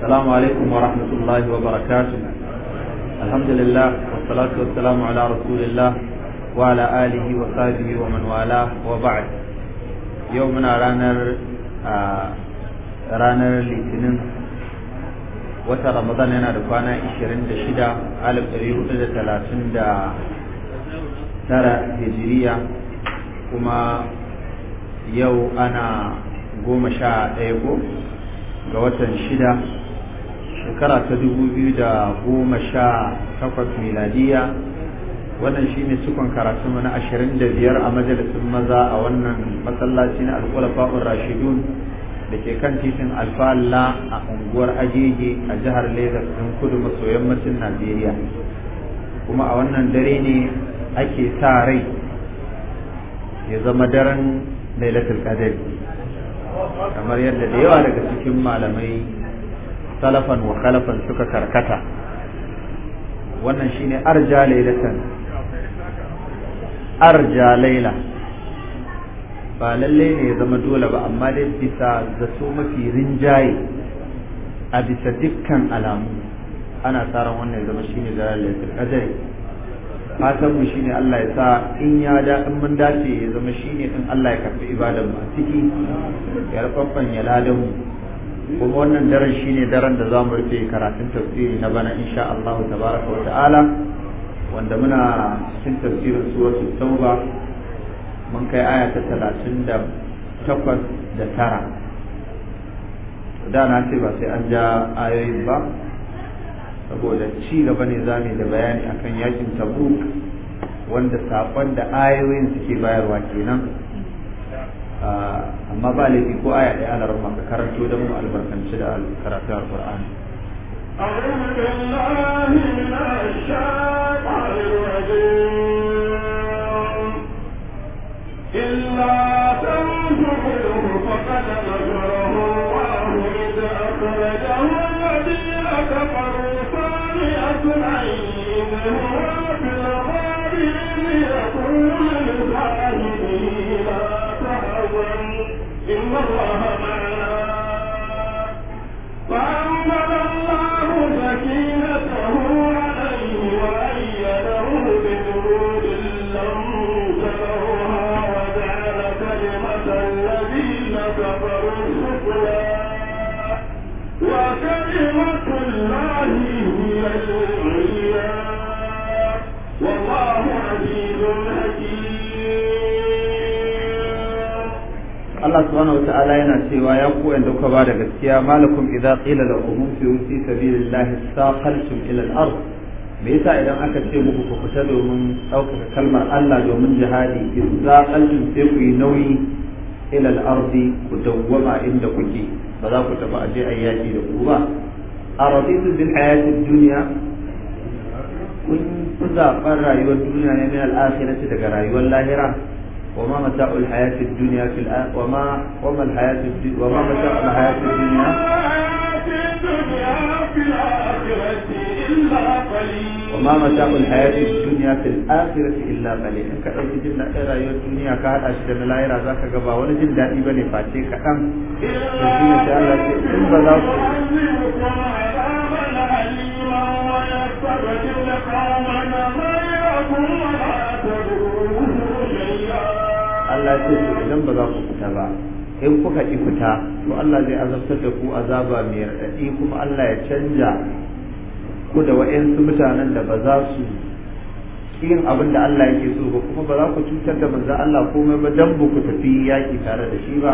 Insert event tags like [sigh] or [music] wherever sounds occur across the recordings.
السلام عليكم ورحمة الله وبركاته الحمد لله والصلاة والسلام على رسول الله وعلى آله وصحبه ومن والاه وبعد يومنا رانر آه رانر لتنين wata ramadan yana da kwana 26 alif 439 hijiriya kuma yau ana goma sha ɗaya ko ga watan shida shekara ta dubu biyu da goma sha takwas miladiya wannan shi ne cikon karatunmu na ashirin da biyar a majalisun maza a wannan masallaci na alkulafa'un rashidun da ke kan titin alfalla a unguwar agege a jihar lagos din kudu maso yammacin najeriya kuma a wannan dare ne ake sa rai ya zama daren lailatul qadr kamar yadda da yawa daga cikin malamai salafan wa khalafan suka karkata wannan shine arja lailatan arja laila ba lalle ne ya zama dole ba amma dai bisa zato mafi rinjaye a bisa dukkan alamu ana tsaron wannan ya zama shine jalalatul qadari fatan mu shine Allah ya sa in ya da in mun dace ya zama shine in Allah ya karbi ibadan mu a ciki ya rafafan ya ladan mu kuma wannan daren shine daren da zamu rufe karatun tafsiri na bana insha Allah tabaraka wanda muna cikin tafsirin suratul tauba mun kai talatin ta 38 da tara da na ce ba sai an ja ayoyin ba saboda ci gaba ne za da bayani akan yakin tabuk wanda saƙon da ayoyin suke bayarwa kenan Ah, amma ba laifi ko aya ɗaya ana rama ka karanto don mu albarkanci da karatu alƙur'ani أعوذ فقد الله إذ أخرجه Allah subhanahu wa ta'ala yana cewa ya ku da kuka ba da gaskiya malakum idza qila lakum umsiyu fi sabilillahi saqaltum ila al-ard me yasa idan aka ce muku ku fita domin ɗaukaka kalmar Allah domin jihadi idza qaltum sai ku yi nauyi ila al-ard ku dawwama inda kuke ba za ku tafi aje ayyaki da ku ba araditu bil hayatid dunya kun zaɓar rayuwar duniya ne min al-akhirati daga rayuwar lahira وما متاع الحياة الدنيا في الآن وما وما الحياة الدنيا وما متاع الحياة الدنيا وما متاع الحياة الدنيا في الآخرة إلا قليل ka ɗauki jin daɗin rayuwar duniya ka haɗa shi da na lahira za ka gaba wani jin daɗi إن ne face kaɗan da ولا Allah ya ce idan ba za ku fita ba in kuka ki fita to Allah zai azabtar da ku azaba mai raɗaɗi kuma Allah ya canja ku da wa'yansu mutanen da ba za su yin abin da Allah yake so ba kuma ba za ku cutar da manzon Allah komai ba dan ba ku tafi yaki tare da shi ba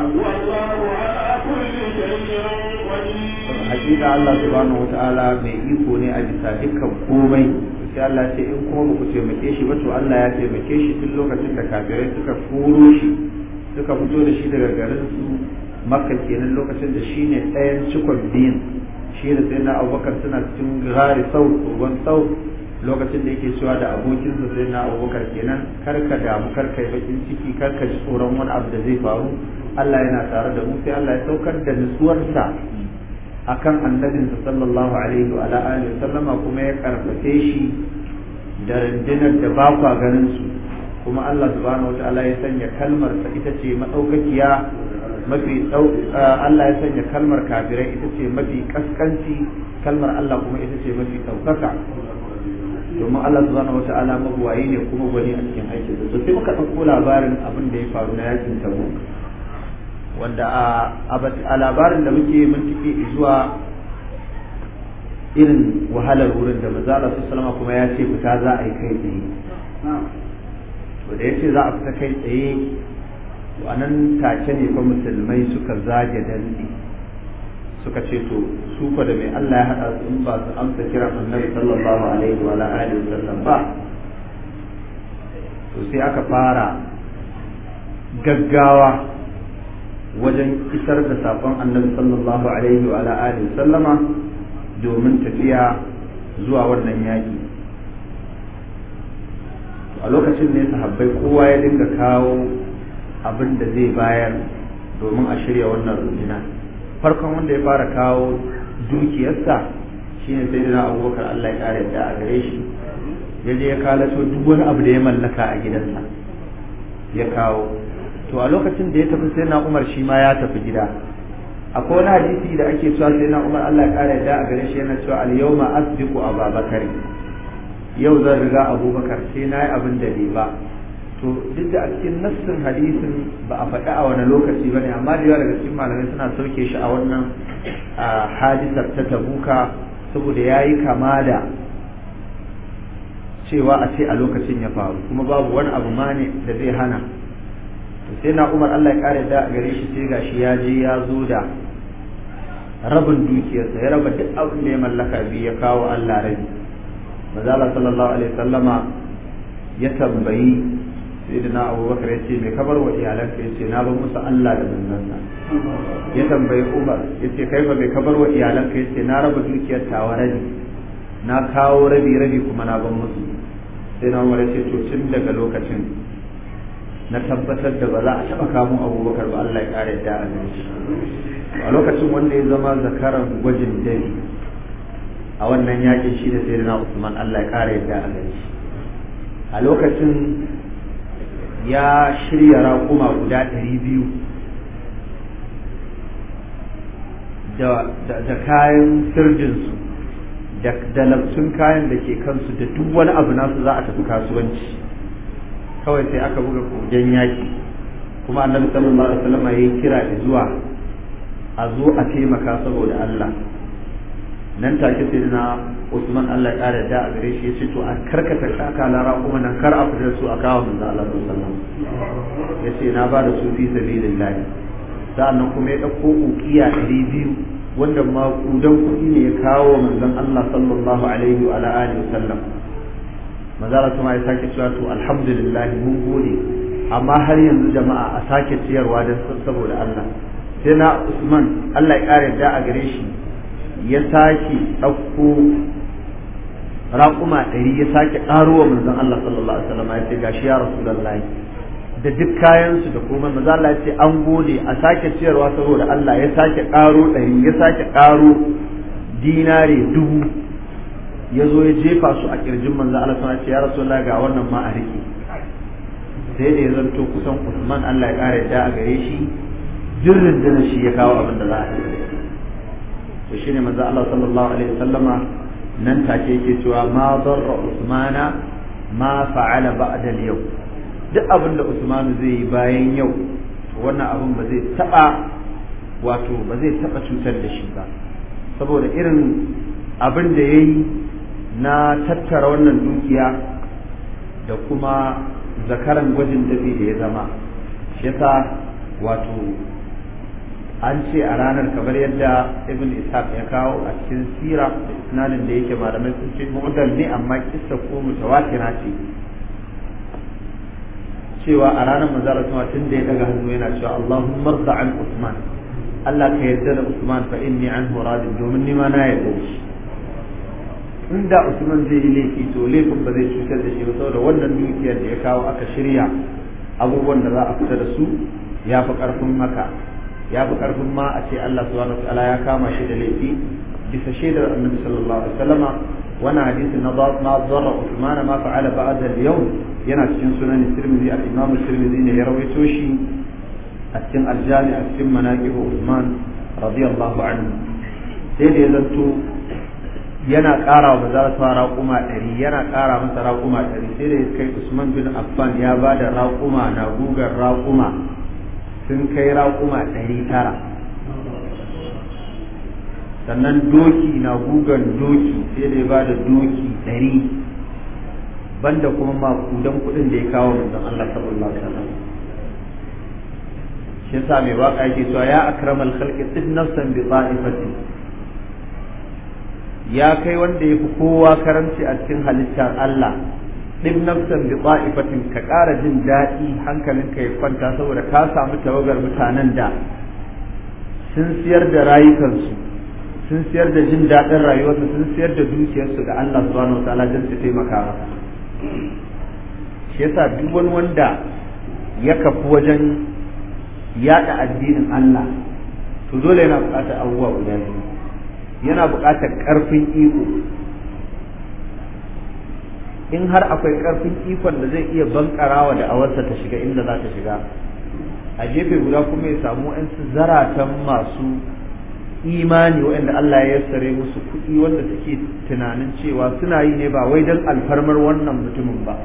hakika Allah subhanahu wataala mai iko ne a bisa dukkan komai sai Allah ce in kuma ku taimake shi ba to Allah ya taimake shi tun lokacin da kafirai suka furo shi suka fito da shi daga garin su makka kenan lokacin da shi ne ɗayan cikon din shi da sai na abubakar suna cikin gari sau ruwan sau lokacin da yake cewa da abokinsa sai na abubakar kenan karka damu karka yi bakin ciki karka ji tsoron wani abu da zai faru Allah yana tare da mu sai Allah ya saukar da nutsuwarsa akan annabinsa sallallahu alaihi wa alihi sallama kuma ya karfafe shi da rundunar da ba kwa ganin su kuma Allah subhanahu wataala ya sanya kalmar sa ita ce madaukakiya mafi Allah ya sanya kalmar kafirai ita ce mafi kaskanci kalmar Allah kuma ita ce mafi daukaka domin Allah subhanahu wataala magwayi ne kuma gwani a cikin aikinsa to sai muka ɗauko labarin abin da ya faru na yakin Tabuk wanda a labarin da muke mun zuwa irin wahalar wurin da manzo Allah salama kuma ya ce fita za a yi kai tsaye to ya yace za a fita kai tsaye to anan take ne fa musulmai suka zage dandi suka ce to su fa da mai Allah ya haɗa su in ba su amsa kiran Annabi sallallahu alaihi wa alihi wasallam ba to sai aka fara gaggawa wajen isar da safon annabi sallallahu alaihi wa alihi sallama domin tafiya zuwa wannan yaki. a lokacin ne sahabbai kowa ya dinga kawo abin da zai bayar domin a shirya wannan rundunar farkon wanda ya fara kawo dukiyarsa shine sai da bakar allah ya kare da gare shi Yaje ya kalato duk wani abu da ya mallaka a gidansa ya kawo to a lokacin da ya tafi sai na umar shi ma ya tafi gida akwai wani hadisi da ake cewa sai na umar Allah ya yadda a gare shi yana cewa al-yawma asdiqu ababakar yau zan riga abubakar sai na yi abin da bai ba to duk da a cikin nassin hadisin ba a faɗi a wani lokaci ba ne amma da yawa daga cikin malamai suna sauke shi a wannan hadisar ta tabuka saboda ya yi kama da cewa a ce a lokacin ya faru kuma babu wani abu ma ne da zai hana sai na umar allah ya kare da a gare shi sai gashi ya je ya zo da rabin dukiyarsa ya raba duk abin da ya mallaka biyu ya kawo allah rabi mazala sallallahu alaihi sallama ya tambayi sai da na abubakar ya ce mai kabar wa iyalanka ya ce na bar musu allah da sa ya tambayi umar ya ce kai ba mai kabar wa iyalanka ya ce na raba dukiyar tawa rabi na kawo rabi rabi kuma na ban musu sai na umar ya ce to tun daga lokacin na tabbatar da ba za a taɓa kamo abubakar ba Allah ya ƙara yadda a a lokacin wanda ya zama zakaran gwajin dai, a wannan yakin shi da sayyidina Usman Allah ya ƙara yadda a a lokacin ya shirya raƙuma guda ɗari biyu da kayan sirjinsu da lamsun kayan da ke kansu da duk wani abu nasu za a tafi kasuwanci kawai sai aka buga kogen yaki kuma annabi sallallahu alaihi wasallam yayi kira da zuwa a zo a taimaka saboda Allah nan take sai na Usman Allah ya kare da a gare shi yace to a karkata shaka lara kuma nan kar a fita su a kawo manzo Allah sallallahu alaihi wasallam yace na ba da su fi sabilillah sa'annan kuma ya dauko ukiya biyu wanda ma kudan kuɗi ne ya kawo manzon Allah sallallahu alaihi wa alihi wasallam manzara kuma ya sake cewa to alhamdulillah mun gode amma har yanzu jama'a a sake ciyarwa da saboda Allah sai na Usman Allah ya kare da a gare shi ya sake ɗauko raƙuma ɗari ya sake ƙaro wa manzon Allah sallallahu alaihi wasallam ya ce gashi ya rasulullahi da duk kayansu da komai maza Allah ya ce an gode a sake ciyarwa saboda Allah ya sake ƙaro ɗari ya sake ƙaro dinare dubu ya zo ya jefa su a kirjin manzo Allah sun ce ya Allah ga wannan ma a rike sai da ya zanto kusan Usman Allah ya kare da a gare shi jirrin dana shi ya kawo abin da za a yi to shine manzo Allah sallallahu alaihi wasallama nan take yake cewa ma darra Usmana ma fa'ala ba'da al-yawm duk abin da Usmanu zai yi bayan yau wannan abin ba zai taba wato ba zai taba cutar da shi ba saboda irin abin da yi. na tattara wannan dukiya da kuma zakaran gwajin dafi da ya zama shi yasa wato an ce a ranar kamar yadda ibn ishaq ya kawo a cikin sira da isnadin da yake malamai sun ce mu'dal ne amma kissa ko mutawatira ce cewa a ranar manzara sama tun da ya daga hannu yana cewa Allahumma Marza an Usman Allah ka yarda da Usman fa inni anhu radin domin ni ma na yarda shi da usman zai yi laifi to laifin ba zai cutar da shi ba saboda wannan dukiyar da ya kawo aka shirya abubuwan da za a fita da su ya fi karfin haka ya fi karfin ma a ce Allah subhanahu wataala ya kama shi da laifi bisa shaidar annabi sallallahu alaihi wasallama wannan hadisi na ma zarra usman ma fa'ala ba'da al-yawm yana cikin sunan tirmidhi al-imam tirmidhi ne ya rawaito shi a cikin aljami'a a cikin manaqib usman radiyallahu anhu sai da ya zanto yana ƙara wa manzara sa raƙuma ɗari yana ƙara masa raƙuma ɗari sai da kai usman bin affan ya ba da raƙuma na gugar raƙuma sun kai raƙuma ɗari tara sannan doki na gugan doki sai da ya ba da doki ɗari banda kuma makudan kuɗin da ya kawo mutum Allah sallallahu alaihi wasallam shi yasa mai waka yake cewa ya akramal khalqi tid nafsan bi ta'ifatin ya kai wanda ya fi kowa karanci a cikin halittar Allah ɗin nafsan bi ta'ifatin ka ƙara jin daɗi hankalinka ya kwanta saboda ka samu tawagar mutanen da sun siyar da rayukansu sun siyar da jin daɗin rayuwarsu sun siyar da dukiyarsu ga Allah subhanahu wataala don su taimaka masa shi yasa duk wani wanda ya kafu wajen yaɗa addinin Allah to dole yana buƙatar abubuwa guda biyu yana buƙatar ƙarfin iko in har akwai ƙarfin ikon da zai iya bankarawa da awarsa ta shiga inda za ta shiga a gefe guda kuma ya samu yan zaratan masu imani waɗanda Allah ya yassare musu kuɗi wanda suke tunanin cewa suna yi ne ba wai don alfarmar wannan mutumin ba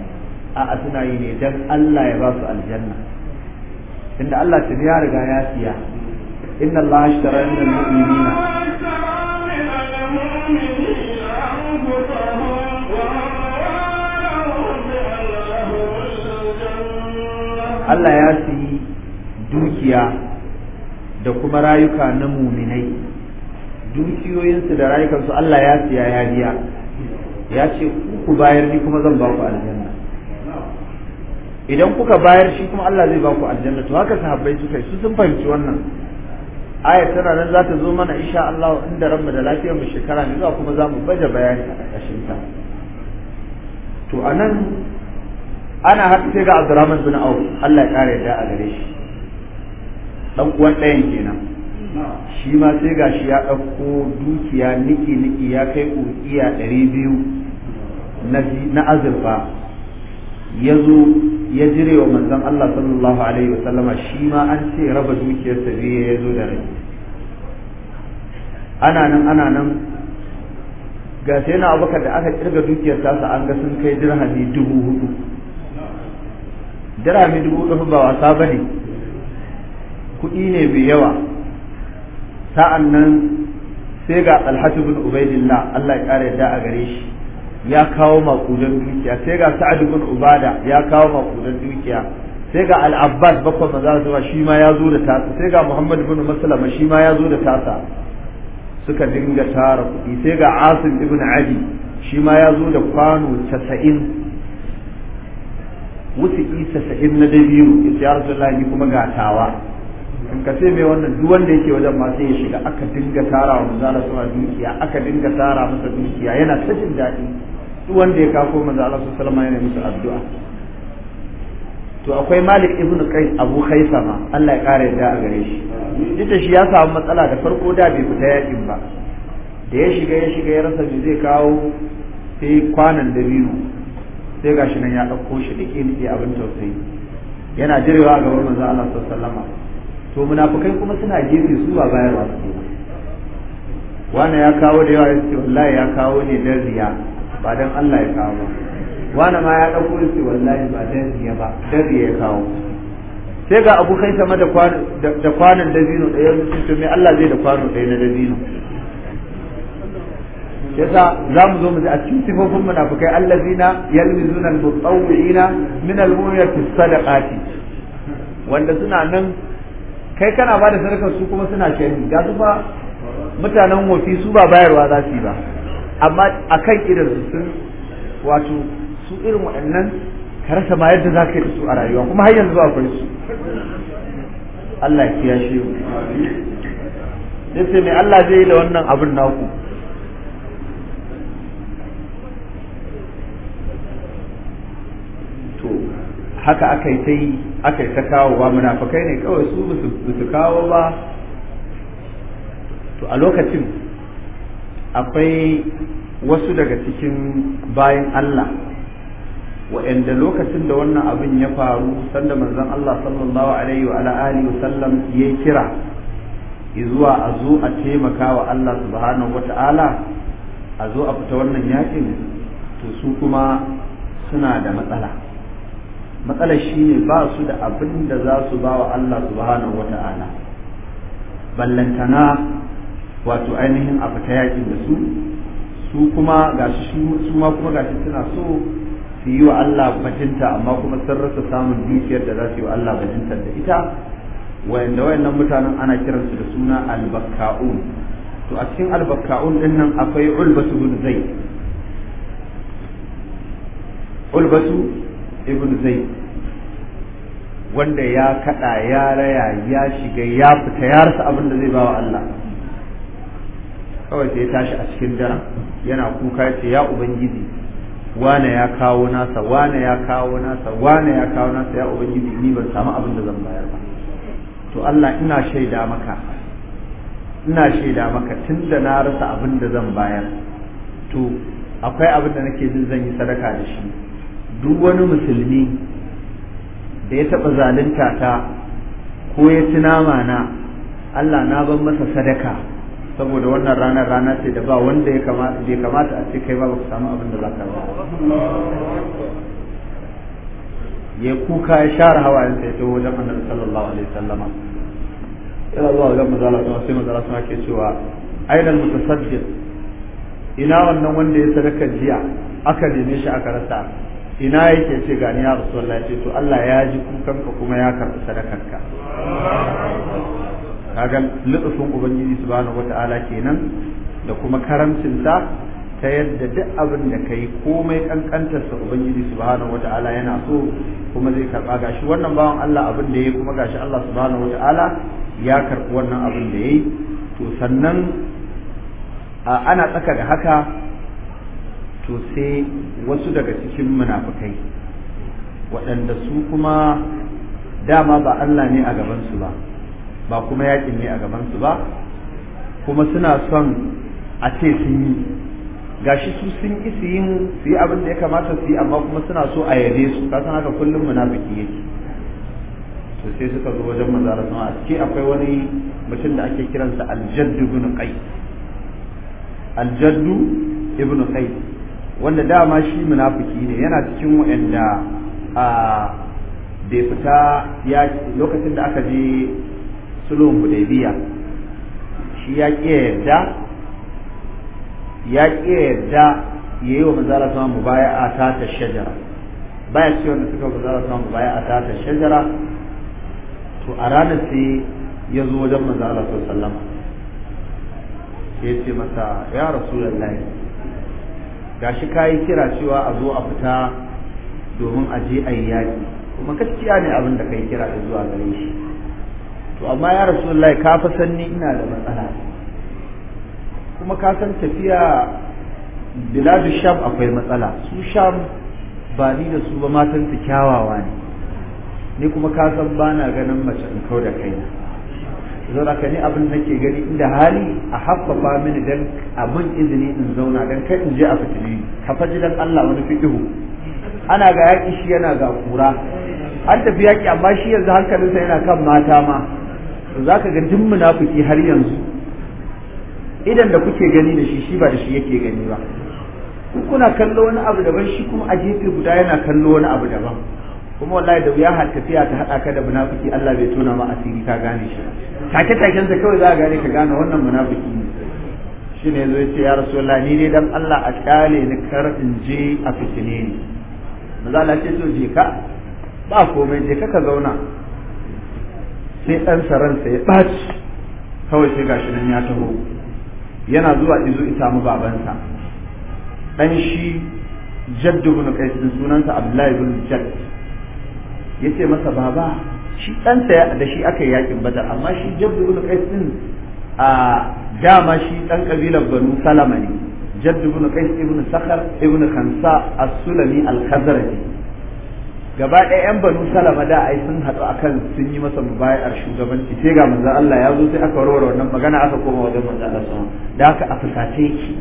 a'a suna yi ne don Allah ya ba su aljanna inda Allah ta ya riga ya siya إن الله اشترى من المؤمنين Allah ya sayi dukiya da kuma rayuka na muminai dukiyoyinsu da rayukansu Allah ya siya ya biya ya ce ku bayar ni kuma zan ba ku aljanna idan kuka bayar shi kuma Allah zai ba ku aljanna to haka sahabbai suka yi su sun fahimci wannan Aya tana nan za ta zo mana insha Allah inda ranmu da lafiyar mu shekara ne zuwa kuma za mu baje bayani a ƙarshen ta to anan ana haka sai ga Abdurrahman bin Auf Allah ya kare da a gare shi dan uwan ɗayan kenan shi ma sai ga shi ya ɗauko dukiya niki niki ya kai ƙuriya ɗari biyu na azurfa ya zo ya jire wa manzon Allah sallallahu alaihi sallama shi ma an ce raba dukiyarsa ne ya zo da rai ana nan ana nan ga sai na abubakar da aka kirga dukiyar tasa an ga sun kai dirhami dubu hudu dirhami dubu hudu ba wasa ba ne kuɗi ne mai yawa sa'an nan sai ga alhaji bin ubaidillah Allah ya ƙara yadda a gare shi ya kawo makudan dukiya sai ga sa'ad bin ubada ya kawo makudan dukiya sai ga al-abbas bakwa maza zuwa shi ma ya zo da tasa sai ga muhammad bin maslama shi ma ya zo da tasa suka dinga tara kuɗi sai ga asim ibn adi shi ma ya zo da kwano 90 wuce 90 na dabiru ita ya rasu ni kuma gatawa in ka sai mai wannan duk wanda yake wajen ma sai ya shiga aka dinga tara wa manzo Allah dukiya aka dinga tara masa dukiya yana ta jin daɗi duk wanda ya kafo manzo Allah sallallahu alaihi wasallam musu addu'a to akwai Malik ibn Qais Abu Khaisama Allah ya kare da a gare shi ita shi ya samu matsala da farko da bai fita yakin ba da ya shiga ya shiga ya rasa me zai kawo sai kwanan dabino sai gashi nan ya ɗauko shi da ke abin tausayi yana jirewa ga wurin manzo Allah sallallahu to munafikai kuma suna gefe su ba bayarwa su wani ya kawo da yawa ya ce wallahi ya kawo ne da riya ba dan Allah ya kawo ba wani ma ya ɗauko ya ce wallahi ba dan ya ba dan ya kawo sai ga abu kai sama da kwanon dabino da yanzu sun to me Allah zai da kwano ɗaya na dabino yasa za mu zo mu ji a cikin sifofin munafikai allazina yalmizuna al-mutawwi'ina min al muminati sadaqati wanda suna nan kai kana bada sadakar su kuma suna shari ga su fa mutanen wofi su ba bayarwa za su yi ba amma a kan irin sun wato su irin waɗannan ka rasa ma yadda za ka yi da su a rayuwa kuma har yanzu akwai su Allah ya kiyashe sai mai Allah zai yi da wannan abin naku To haka aka yi ta yi aka yi ta kawo ba munafakai ne kawai su ba su kawo ba to a lokacin akwai wasu daga cikin bayan Allah waɗanda lokacin da wannan abin ya faru sanda manzon Allah sallallahu alaihi wa alihi Sallam ya kira zuwa a zo a taimaka wa Allah subhanahu wata'ala a zo a fita wannan yakin to su kuma suna da matsala matsalar shine ba su da abin da za su ba wa Allah subhanahu wata'ala ballantana wato ainihin a fita yakin da su su kuma ga su ma kuma ga suna so su yi wa Allah bajinta amma kuma sun rasa samun dukiyar da za su yi wa Allah bajinta da ita wayanda wayannan mutanen ana kiransu da suna albakka'un to a cikin albakka'un din nan akwai ulbatu ibn zai, ulbatu ibn zai wanda ya kada ya raya ya shiga ya fita ya rasa abin da zai ba wa Allah kawai sai ya tashi a cikin daren yana kuka ya ce ya ubangiji wane ya kawo nasa wane ya kawo nasa wane ya kawo nasa ya ubangiji ni ban samu abin da zan bayar ba to Allah ina shaida maka ina shaida maka tunda na rasa abin da zan bayar to akwai abin da nake jin zan yi sadaka da shi duk wani musulmi da ya taɓa zalunta ta ko ya ci nama na Allah na ban masa sadaka saboda wannan ranar rana ce da ba wanda ya kamata a cikai ba ku samu abin da za ka ba ya kuka ya share hawayen sai ta wajen annabi sallallahu alaihi sallama. yana zuwa ga mazala kuma sai mazala suna ke cewa ainihin mutasaddiq ina wannan wanda ya sadaka jiya aka neme shi aka rasa ina yake ce gani ya rasulullahi ce to Allah ya ji kukanka kuma ya karɓi sadakarka kaga lutsun ubangiji subhanahu wata'ala kenan da kuma karamcin sa ta yadda duk abin da kai komai kankantar sa ubangiji subhanahu wata'ala yana so kuma zai karba gashi wannan bawan Allah abin da yayi kuma gashi Allah subhanahu wata'ala ya karbi wannan abin da yayi to sannan ana tsaka da haka to sai wasu daga cikin munafukai waɗanda su kuma dama ba Allah ne a gabansu ba ba kuma yakin ne a gabansu ba kuma suna son a ce sun yi gashi su sun ki su su yi abin da ya kamata su yi amma kuma suna so a yabe su ka san haka kullum munafiki yake to sai suka zo wajen manzo sama a cikin akwai wani mutum da ake kiransa jadd ibn qais Al-Jadd ibn qais wanda dama shi munafiki ne yana cikin wa'anda a ah, bai fita ya lokacin da aka je sulhun hudaybiya shi ya ƙi yarda ya ƙi yarda ya yi wa manzara sama mubaya'a ta ta shajara baya ce wanda suka manzara sama mubaya'a ta ta shajara to a ranar sai ya zo wajen ta sallama ya ce masa ya rasulullahi gashi kayi kira cewa a zo a fita domin a je a yi yaƙi kuma gaskiya ne abin da kai kira da zuwa gare shi to amma ya rasulullahi ka fa sanni ina da matsala kuma ka san tafiya biladu sham akwai matsala su sham ba ni da su ba matan su kyawawa ne ni kuma ka san ba na ganin mace in kau da kaina zauna ka ni abin da nake gani inda hali a haffafa mini dan abin izini in zauna dan kai in je a fitini ka faji dan Allah wani fitihu ana ga yaki shi yana ga kura an tafi yaki amma shi yanzu hankalinsa yana kan mata ma za ka ga duk munafiki har yanzu idan da kuke gani da shi shi ba da shi yake gani ba kuna kallo wani abu daban shi kuma a jefe guda yana kallo wani abu daban kuma wallahi da wuya tafiya ta haɗa ka da munafiki Allah bai tona ma asiri ka gane shi take taken sa kawai za ka gane ka gane wannan munafiki ne shine yazo ya rasulullah ni dai dan Allah a kale ni kar in je a fitine ni maza Allah ce to je ka ba komai je ka ka zauna sai ɗan saransa ya ɓaci kawai sai gashi nan ya taho yana zuwa izo ita mu babansa ɗan shi jaddu bin kai sun sunansa abdullahi bin jadd yace masa baba shi ɗansa da shi aka yakin badar amma shi jaddu bin kai sun a dama shi ɗan kabilar banu salama ne jaddu bin kai ibn sakhar ibn khansa as-sulami al gaba ɗaya yan banu salama da ai sun haɗu a kan sun yi masa mubayar shugabanci sai ga manzan Allah ya zo sai aka warware wannan magana aka koma wajen manzan Allah sun da haka a fusace ki?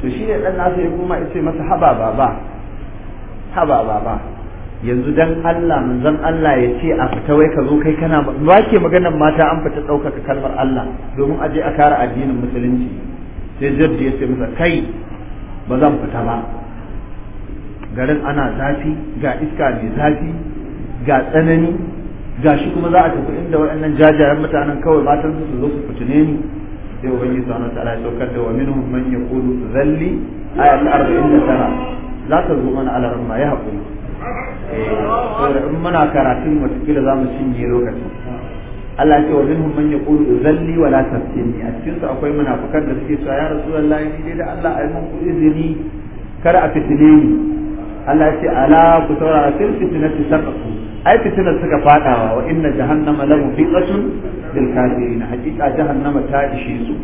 to shi ne dan nasa ya koma ce masa haba baba haba baba yanzu dan Allah manzan Allah ya ce a fita wai ka zo kai kana ba ke maganar mata an fita ɗaukaka kalmar Allah domin a je a kare addinin musulunci sai jaddi ya ce masa kai ba zan fita ba garin ana zafi ga iska mai zafi ga tsanani ga shi kuma za a tafi inda waɗannan jajayen mutanen kawai matan su zo su fitine ni sai ubangiji subhanahu ta ya saukar da wa min man yaqulu zalli da tara. za ta zo mana ala ramma ya haƙuri saboda eh, in muna karatun watakila za mu cinye lokaci Allah ce wa minhum man yaqulu zalli wa la tafsini a cikin su akwai munafikan da suke cewa ya rasulullahi ni dai da Allah ayi mun izini kar a fitine ni Allah ya ce ala ku saurara fil fitnati saqatu ai fitinar suka fadawa wa inna jahannama la mufiqatun lil kafirin hakika jahannama ta ishe su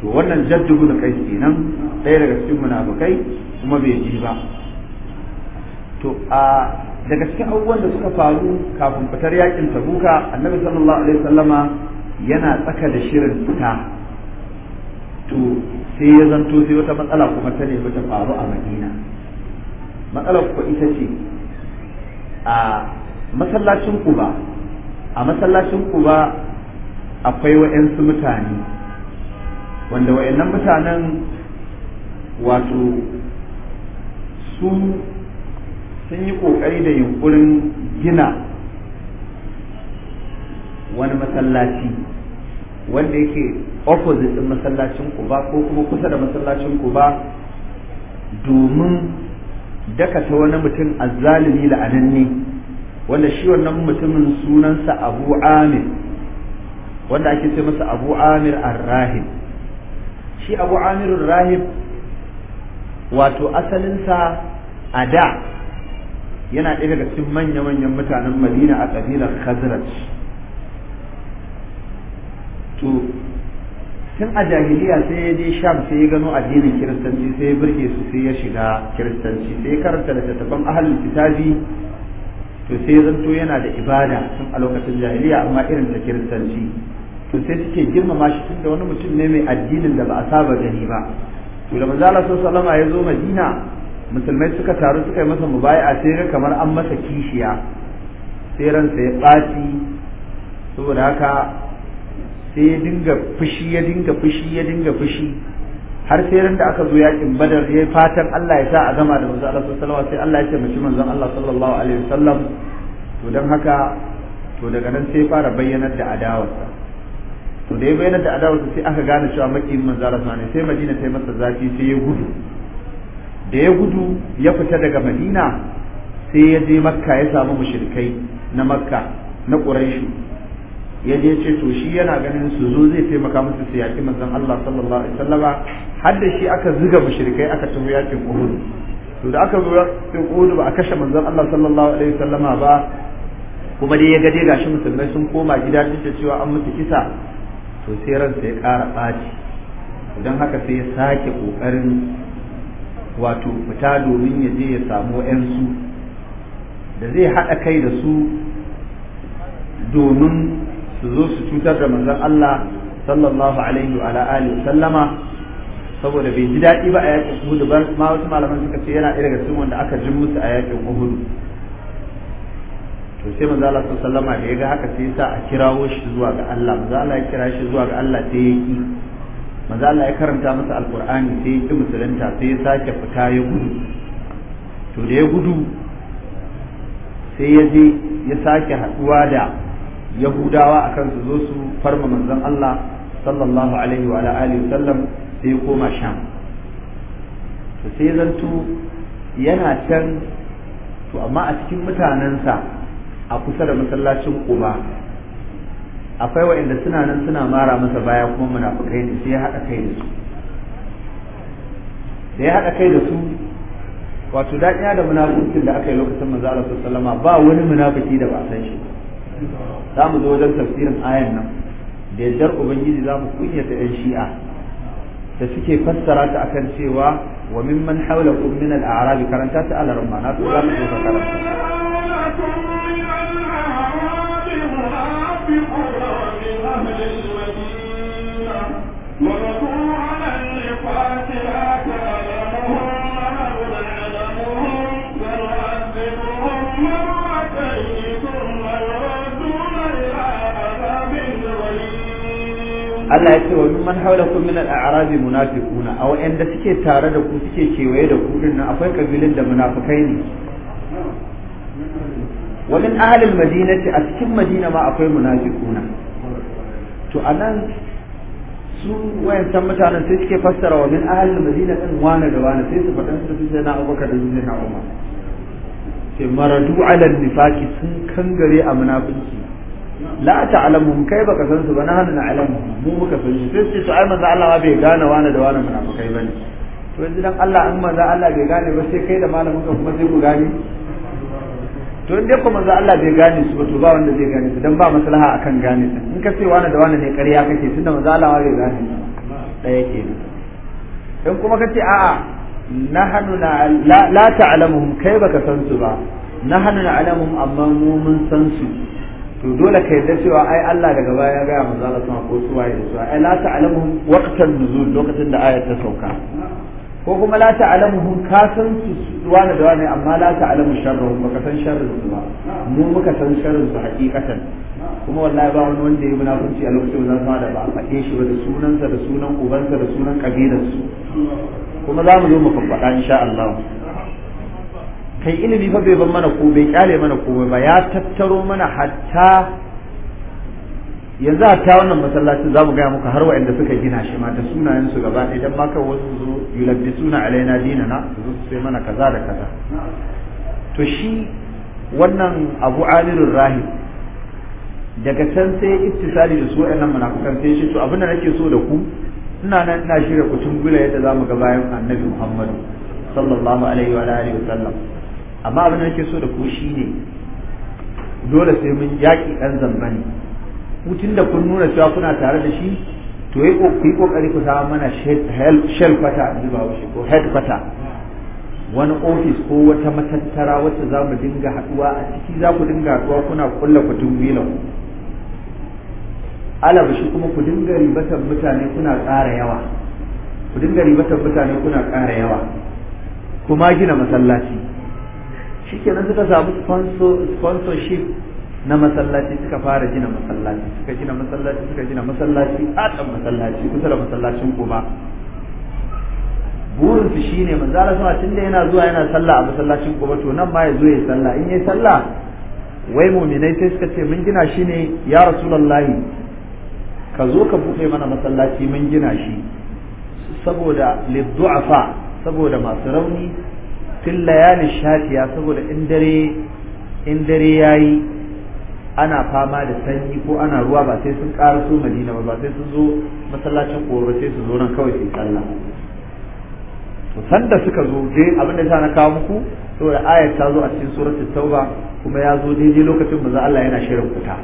to wannan jaddu da kai kenan ɗaya daga cikin munafikai kuma bai ji ba to a daga cikin abubuwan da suka faru kafin fitar yakin tabuka annabi sallallahu alaihi wasallama yana tsaka da shirin fita to sai ya zanto sai wata matsala kuma ta nemi ta faru a madina matsalar ku ita ce a masallacin ba, a masallacin ba akwai wa'yansu mutane wanda wa'yannan mutanen wato su sun yi ƙoƙari da yunkurin gina wani masallaci wanda yake opposite ɗin masallacin ba, ko kuma kusa da masallacin ba domin dakata wani mutum azzalimi la'ananne wanda shi wannan mutumin sunansa abu amir wanda ake ce masa abu amir arrahib shi abu amir rahib wato asalinsa a da yana ɗaya daga cikin manya-manyan mutanen madina a ƙabilar khazraj to tun a jahiliya sai ya je sham sai ya gano addinin kiristanci sai ya burge su sai ya shiga kiristanci sai ya karanta littattafan ahalin kitabi to sai ya zanto yana da ibada tun a lokacin jahiliya amma irin da kiristanci to sai suke girmama shi tun da wani mutum ne mai addinin da ba a saba gani ba to da manzala sallallahu ya zo Madina musulmai suka taru suka yi masa mubaya'a sai ga kamar an masa kishiya sai ransa ya ɓaci saboda haka sai ya dinga fushi ya dinga fushi ya dinga fushi har sai ran da aka zo yakin badar ya fatan Allah ya sa a gama da manzo Allah sallallahu alaihi wasallam sai Allah ya ce mace manzon Allah sallallahu alaihi wasallam to dan haka to daga nan sai fara bayyanar da adawarsa to da ya bayyana da adawarsa sai aka gane cewa makiyin manzara ne sai madina ta yi masa zafi sai ya gudu da ya gudu ya fita daga madina sai ya je makka ya samu mushrikai na makka na Quraysh ya je ce to shi yana ganin su zo zai taimaka musu su yaƙi manzon Allah sallallahu alaihi wasallama har da shi aka zuga mushrikai aka tafi yaƙin Uhud to da aka zo yaƙin Uhud ba a kashe manzon Allah sallallahu alaihi wasallama ba kuma dai ya ga dai gashi musulmai sun koma gida duk da cewa an musu kisa to sai ransa ya ƙara ɓaci don haka sai ya sake ƙoƙarin wato fita domin ya je ya samu 'yansu da zai haɗa kai da su domin su zo su cutar da manzon Allah sallallahu alaihi wa alihi sallama saboda bai ji daɗi ba a yakin Uhud ba ma wasu malaman suka ce yana daga cikin wanda aka jin musu a yakin Uhud to sai manzon Allah sallallahu alaihi da ya ga haka sai sa a kirawo shi zuwa ga Allah manzon Allah ya kira shi zuwa ga Allah sai ya ki manzon Allah ya karanta masa alqur'ani sai ya ki musulunta sai ya sake fita ya gudu to da ya gudu sai ya je ya sake haɗuwa da yahudawa akan su zo su farma manzon Allah sallallahu alaihi wa alihi sallam sai ya koma sham to sai tu yana can to amma a cikin mutanensa a kusa da masallacin Quba akwai waɗanda suna nan suna mara masa baya kuma munafukai ne sai ya haɗa kai da su da ya haɗa kai da su wato daɗiya da munafukin da aka yi lokacin manzo Allah sallama ba wani munafiki da ba san shi za mu zo wajen tafsirin ayan nan da yaddar ubangiji za mu kunyata yan shi'a da suke fassara ta akan cewa wa mimman kun min al-a'rab karanta ta al-rumma na za mu zo ka karanta Allah ya ce wa mimman haulakum min al-a'rabi munafiquna aw inda suke tare da ku suke kewaye da ku din akwai kabilan da munafikai ne wa min ahli al-madinati a cikin madina ma akwai munafiquna to anan su wayancan mutanen sai suke fassara wa min ahli al-madina din wani da wani sai su fadan su sai na Abubakar da sai na Umar sai maradu ala nifaqi sun kangare a munafiki la ta'lamuhum kai baka san su ba na hannu na alamu mu muka san shi sai su ai manzo Allah bai gane wani da wani munafikai bane to yanzu dan Allah an manzo Allah bai gane ba sai kai da malamin ka kuma sai ku gane to in dai kuma manzo Allah bai gane su ba to ba wanda zai gane su dan ba maslaha akan gane su in ka ce wani da wani ne ƙarya kake tunda manzo Allah bai gane ɗaya kenan in kuma ka ce a'a hannu la la ta'lamuhum kai baka san su ba Na hannun na'lamuhum amma mu mun san su to dole ka yarda cewa ai Allah daga baya ya gaya manzo Allah sama ko su waye su ai la ta'lamuhum waqtan nuzul lokacin da ayat ta sauka ko kuma la ta'lamuhum ka san su wani da wani amma la ta'lamu sharruhum baka san sharrin su ba mu muka san sharrin su hakikatan kuma wallahi ba wani wanda ya munafunci a lokacin da zama da ba a fade shi ba da sunansa da sunan ubansa da sunan kabilarsu kuma za mu zo mu faɗa insha Allah kai ilimi fa bai ban mana ko bai kyale mana komai ba ya tattaro mana hatta yanzu hatta wannan masallacin zamu gaya muku har wa'anda suka gina shi ma da sunayen su gaba ɗaya ma kan wasu zo yulabbisuna alaina dinana su zo sai mana kaza da kaza to shi wannan Abu Alirur Rahim daga can sai ittisali da su wa'annan munafikan sai shi to abinda da nake so da ku ina nan ina shirya kutun gula yadda zamu ga bayan Annabi Muhammad sallallahu alaihi wa alihi wa sallam amma abin da nake so da ku ne, dole sai mun yaƙi ɗan zamba ne hutun da kun nuna cewa kuna tare da shi to yi ku yi kokari ku samu mana shell fata zuba wuce ko head fata wani ofis ko wata matattara wacce za mu dinga haɗuwa a ciki za ku dinga haɗuwa kuna kulla kwatun wilan alabu shi kuma ku dinga ribatar mutane kuna ƙara yawa ku dinga ribatar mutane kuna ƙara yawa kuma gina masallaci shikenan suka samu sponsorship na masallaci suka fara gina masallaci suka gina masallaci suka gina masallaci atan masallaci kusa da masallacin kuma burin su shine manzo Allah tun da yana zuwa yana sallah a masallacin kuma to nan ma ya zo ya sallah in yayi sallah wai mu'minai sai suka ce mun gina shi ne ya rasulullahi ka zo ka buɗe mana masallaci mun gina shi saboda liddu'afa saboda masu rauni fil layalin shatiya saboda in dare in dare yayi ana fama da sanyi ko ana ruwa ba sai sun ƙara su madina ba ba sai sun zo masallacin koro sai su zo nan kawai su sallah to sanda suka zo dai abinda da na kawo muku saboda ayat ta zo a cikin suratul tauba kuma ya zo daidai lokacin manzo Allah yana shirin fita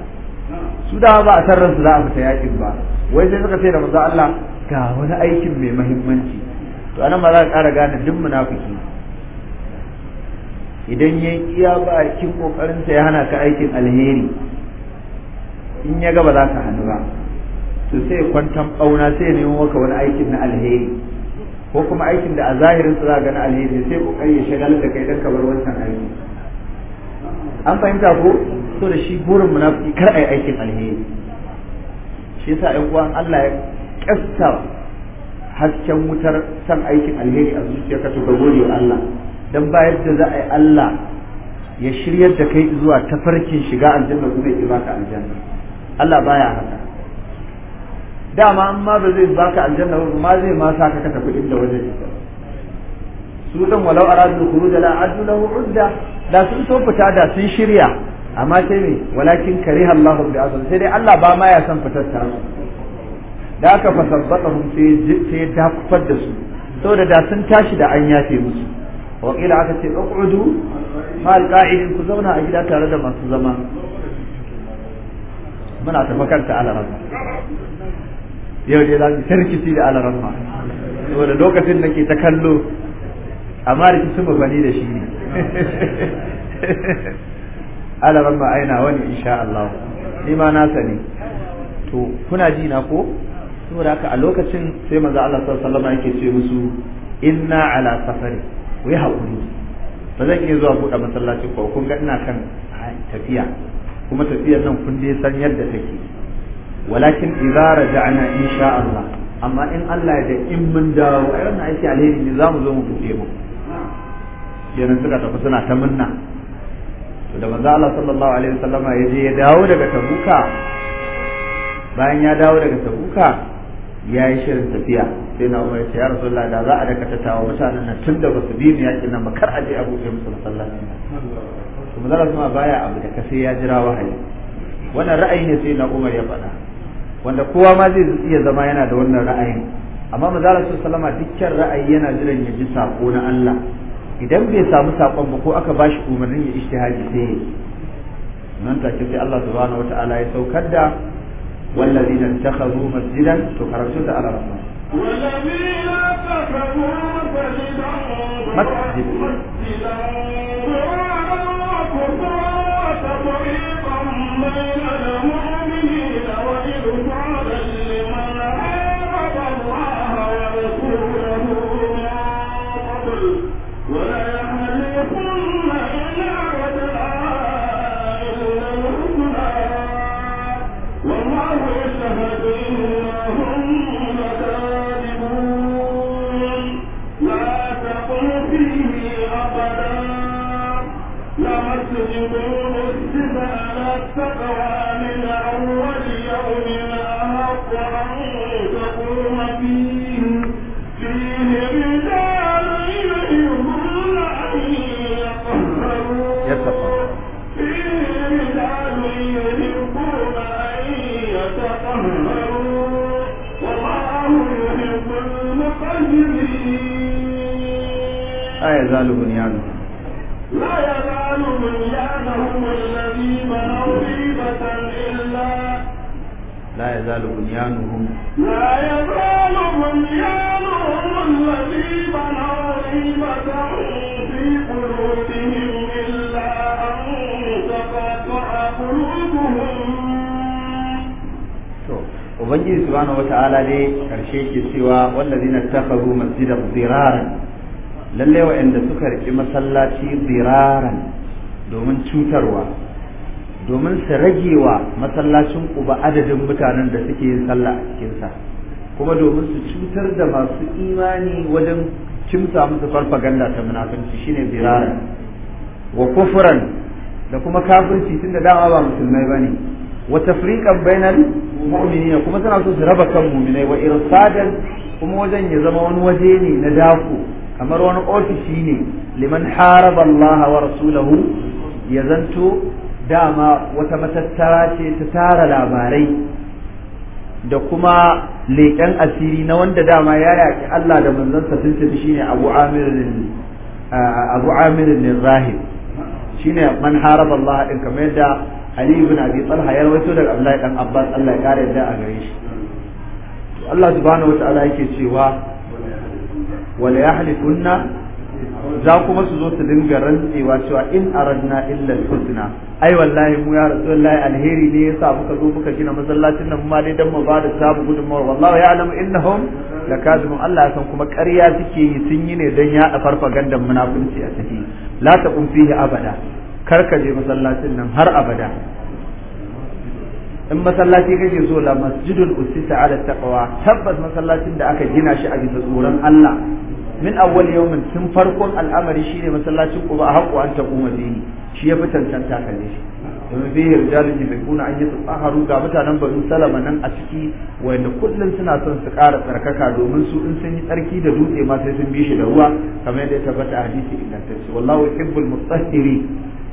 su da ba a san ransu za a fita yakin ba wai sai suka ce da manzo Allah ga wani aikin mai muhimmanci to anan ma za ka ƙara gane duk munafiki idan ya iya bakin kokarinsa ya hana ka aikin alheri in ya ga ba za ka hannu ba to sai kwantan bauna sai ya nemo maka wani aikin na alheri ko kuma aikin da a zahirin sa za ga na alheri sai kokari ya shagalar da kai dan ka bar wancan aiki an fahimta ko so da shi burin munafiki kar ai aikin alheri shi yasa ɗan uwan Allah ya kasta hasken wutar san aikin alheri a zuciyarka to ga gode wa Allah dan ba yadda za a yi Allah ya shiryar da kai zuwa tafarkin shiga aljanna kuma ya baka aljanna Allah baya haka dama amma ba zai baka aljanna ba ma zai ma saka ka tafi inda wajen su dan walau aradu khuruj la adu lahu udda da sun so fita da sun shirya amma sai me walakin kariha Allah bi azab sai dai Allah ba ma ya san fitar ta da aka fasabbata sai sai dakufar da su saboda da sun tashi da an yafe musu wakila aka ce uqudu ma alqa'idin ku zauna a gida tare da masu zama muna tafa kanka alarama yau dai za mu tarkici da alarama saboda lokacin nake ta kallo amma da kisu ba bani da shi ne alarama aina wani insha Allah ni ma na sani to kuna ji na ko saboda haka a lokacin sai manzo Allah sallallahu alaihi wasallam yake ce musu inna ala safari ku yi haƙuri ba zan iya zuwa buɗe masallaci ko kun ga ina kan tafiya kuma tafiyar nan kun dai san yadda take walakin idza raja'na insha Allah amma in Allah ya da in mun dawo ai wannan aiki alheri ne za mu zo mu buɗe mu kenan suka tafi suna ta munna to da manzo Allah sallallahu alaihi wasallama ya je ya dawo daga Tabuka bayan ya dawo daga Tabuka ya yi shirin tafiya sai na umar ya rasulullah da za a tawa mutanen nan tun da ba su bi mu yaƙin nan ba kar a je a buɗe musu masallaci kuma zara baya abu da kasai ya jira wahayi wannan ra'ayi ne sai na umar ya faɗa wanda kowa ma zai iya zama yana da wannan ra'ayin amma mu zara su salama dukkan ra'ayi yana jiran ya ji saƙo na Allah idan bai samu sakon ba ko aka bashi umarnin ya ishtihadi sai nan take sai Allah subhanahu wataala ya saukar da والذين اتخذوا مسجدا تكرسوت على رسول والذين اتخذوا مسجدا مسجد مسجدا وعلى كفرات طريقا بين لا يزال بنيانهم لا يزال بنيانهم الذي بنوا ريبة إلا لا يزال بنيانهم لا يزال بنيانهم الذي بنوا ريبة في قلوبهم إلا أن تقطع قلوبهم Ubangiji subhanahu wa ta'ala dai karshe ke cewa wallazina takhadhu masjidan Lallai waɗanda suka riƙi masallaci ziraran domin cutarwa domin su ragewa masallacin uba adadin mutanen da suke yin sallah a cikinsa kuma domin su cutar da masu imani wajen kimsa musu farfaganda ta munafunci shine ziraran wa kufran da kuma kafirci tunda dama ba musulmai bane wa tafriqan bainal mu'minina kuma suna so su raba kan mu'minai wa irsadan kuma wajen ya zama wani waje ne na dako kamar wani ofishi ne liman haraba Allah wa rasulahu ya zanto dama wata matattara ce ta tara labarai da kuma leƙen asiri na wanda dama ya yaƙi Allah da manzansa sun tafi shine Abu Amir Abu Amir man haraba Allah din kamar yadda Ali ibn Abi Talha ya rawaito daga Abdullahi dan Abbas Allah ya kare yadda a gare shi Allah subhanahu wa ta'ala yake cewa ya yahlifunna za kuma su zo su dinga rantsewa cewa in aradna illa husna ai wallahi mu ya rasulullahi alheri ne yasa muka zo muka gina masallacin nan ma dai dan mu bada sabu gudunmawar wallahi ya innahum lakazibun Allah ya san kuma ƙarya suke yi sun yi ne dan ya farfagandan munafunci a ciki la taqum fihi abada kar ka je masallacin nan har abada in masallaci kake so la masjidul usisa ala taqwa tabbas masallacin da aka gina shi a bisa tsoron Allah min awwal yawmin tun farkon al'amari shine masallacin ku ba haqqu an taquma bihi shi ya fi ta kalle shi domin bihi rijalun yuhibbuna an yatahharu ga mutanen banu salama nan a ciki wanda kullun suna son su ƙara tsarkaka domin su in sun yi tsarki da dutse ma sai sun bi shi da ruwa kamar yadda ya tabbata a hadisi ingantacce wallahu yuhibbul mutahhirin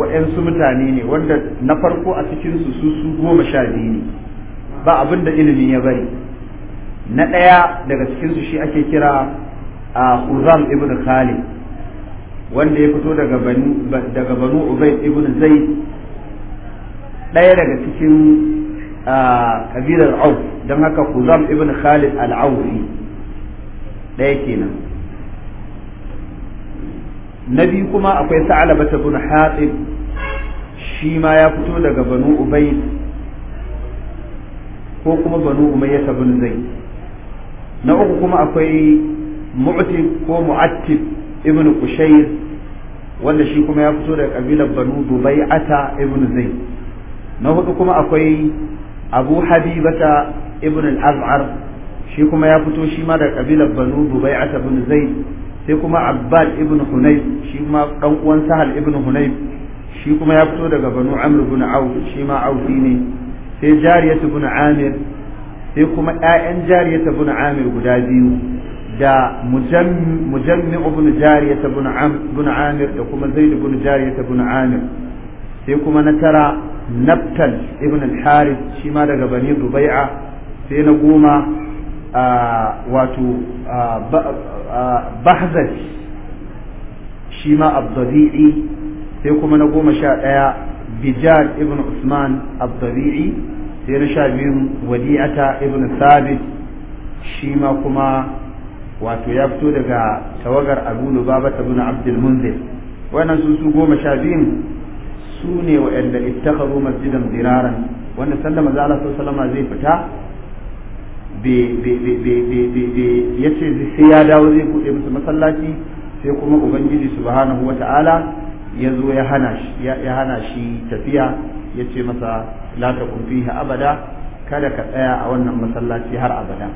waɗansu mutane ne wanda na farko a cikinsu su su goma sha biyu ne ba abin da ilimin ya bari na ɗaya daga cikinsu shi ake kira a Uzal ibn Khalid wanda ya fito daga banu daga banu Ubayd ibn Zaid ɗaya daga cikin kabilar Auf don haka Uzal ibn Khalid al-Awfi ɗaya kenan na biyu kuma akwai sa'alaba ta bin hatib shi ma ya fito daga banu ubayd ko kuma banu umayya ta bin zai na uku kuma akwai mu'tib ko mu'attib ibn qushayr wanda shi kuma ya fito daga kabilar banu ata ibn zai na hudu kuma akwai abu habibata ibn al-az'ar shi kuma ya fito shi ma daga kabilar banu dubai'ata ibn zai sai kuma abbad ibn hunayf shi ma dan uwan sahal ibn hunayf shi kuma ya fito daga banu amr ibn auf shi ma aufi ne sai jariyat ibn amir sai kuma ƴaƴan jariyat ibn amir guda biyu da mujammi ibn jariyat ibn ibn amir da kuma zaid ibn jariyat ibn amir sai kuma na tara naftal ibn al-harith shi ma daga bani dubai'a sai na goma wato bahzat shi ma abdabi'i sai kuma na goma sha ɗaya bijad ibn usman abdabi'i sai na sha biyun wadi'ata ibn sabit shi ma kuma wato ya fito daga tawagar abu ba ta bin abdul wannan sun su goma sha biyun su ne wa'anda ittakaru masjidan ziraran wanda sallama za sallama zai fita ya ce sai ya dawo zai buɗe musu masallaci sai kuma ubangiji subhanahu wa ta'ala ya zo ya hana shi tafiya ya ce masa la ta ha abada kada ka tsaya a wannan masallaci har abada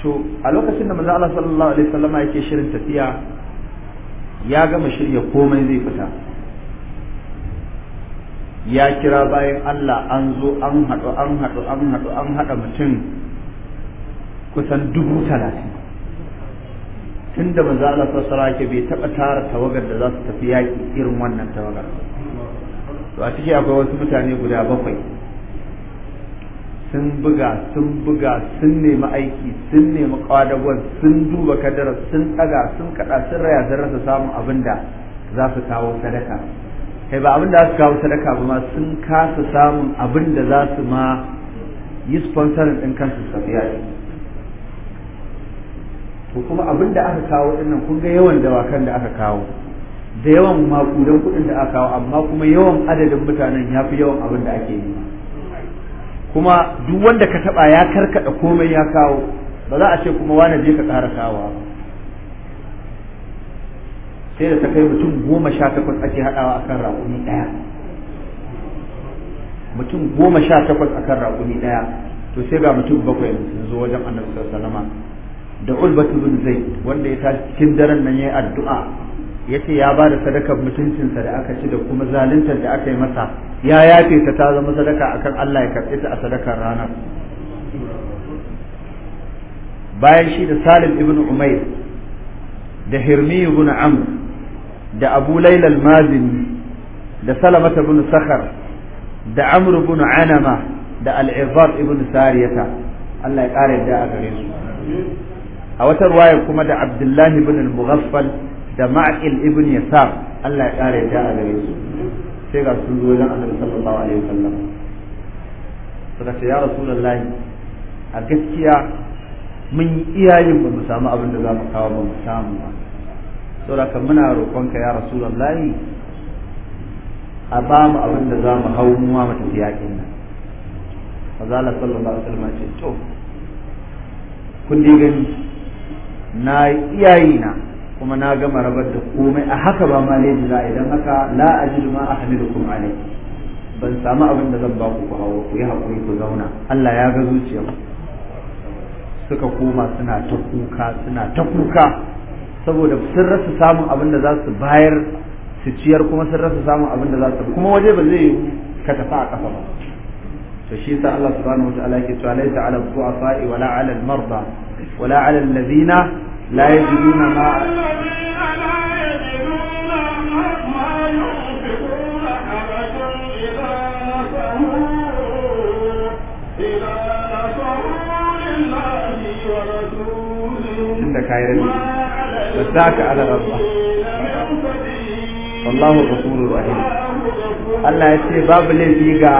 to a lokacin da maza'ala sallallahu alaihi wasallama yake shirin tafiya ya gama shirya komai zai fita ya kira bayan Allah an zo an haɗu an haɗu an haɗu an haɗa mutum kusan dubu talatin tun da manzo Allah ke bai taɓa tara tawagar da za su tafi yaƙi irin wannan tawagar to a ciki akwai wasu mutane guda bakwai sun buga sun buga sun nemi aiki sun nemi kwadagon sun duba kadara sun ɗaga sun kaɗa sun raya sun rasa samun abin da za su kawo sadaka kai ba abin da su kawo sadaka ba ma sun kasa samun abin da za su ma yi sponsorin ɗin kansu safiya to kuma abin da aka kawo ɗinnan kun ga yawan dawakan da aka kawo da yawan makudan kuɗin da aka kawo amma kuma yawan adadin mutanen ya fi yawan abin da ake yi kuma duk wanda ka taɓa ya karkaɗa komai ya kawo ba za a ce kuma wane je ka ƙara kawo ba sai da ta kai mutum goma sha takwas ake haɗawa akan raƙumi ɗaya mutum goma sha takwas akan raƙumi ɗaya to sai ga mutum bakwai sun zo wajen annabi sallallahu da ulbatu bin zai wanda ya tashi cikin daren nan ya yi addu'a ya ce ya ba da sadakar mutuncinsa da aka ci da kuma zaluntar da aka yi masa ya yafe ta ta zama sadaka akan Allah ya karɓi ta a sadakar ranar bayan shi da Salim ibn Umair da Hirmi ibn Amr da abu lailal mazini da salamata bin sakhar da amru bin anama da al-irbad ibn sariyata Allah ya kare da a gare su a wata ruwaya kuma da abdullahi bin al-mughaffal da ma'il ibn yasar Allah ya kare da a gare su sai ga sun zo wajen annabi sallallahu alaihi wasallam suka ce ya rasulullahi a gaskiya mun yi iyayen ba mu samu abin da za mu kawo ba mu samu ba saboda muna roƙonka ya rasulullahi a ba mu abin da za mu hau mu ma tafi yakin nan fazala sallallahu alaihi wasallam ce to kun dai gani na iyayi kuma na gama rabar da komai a haka ba ma laifi za a idan haka la ajidu ma kuma alai ban samu abin da zan ba ku ku hawo ku yi hakuri ku zauna Allah ya ga zuciyar suka koma suna ta kuka suna ta kuka saboda sun rasa samun abin da za su bayar su ciyar kuma sun rasa samun abin da za su kuma waje ba zai ka tafi a kafa ba to shi sa Allah subhanahu wa ta'ala yake cewa laysa 'ala al-du'afa'i wala 'ala al-marda wala 'ala alladhina la yajiduna ma da kayan فتاك على ربه والله غفور رحيم الله يسي باب لذي ga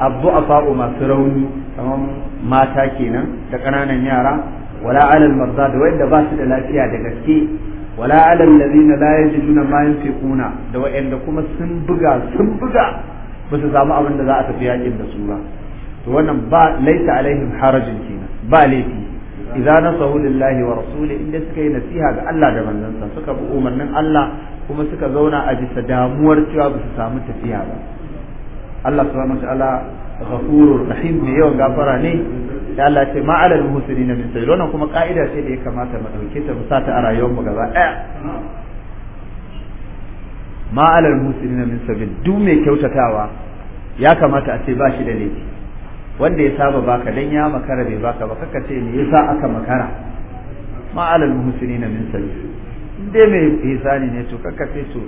abu afa'u masu rauni kamar mata kenan da ƙananan yara wala alal marda da wanda basu da lafiya da gaske wala alal ladina la da wa'anda kuma sun buga sun buga ba samu abin da za a tafi yakin da su to wannan ba laita alaihim harajin kenan ba laifi idza nasahu lillahi wa rasuli inda suka yi nasiha ga Allah da manzansa suka bi umarnin Allah kuma suka zauna a bisa damuwar cewa ba su samu tafiya ba Allah subhanahu wa ta'ala ghafurur rahim ne yawan gafara ne da Allah ce ma alal muhsinina min kuma ka'ida ce da ya kamata mu dauke ta mu sa ta a rayuwar mu gaba daya ma alal muhsinina min sabil duk mai kyautatawa ya kamata a ce ba shi da laifi wanda ya saba baka dan ya makara bai baka ba kaka ce me yasa aka makara ma alal muhsinina min sabi dai me hisani ne to kaka ce to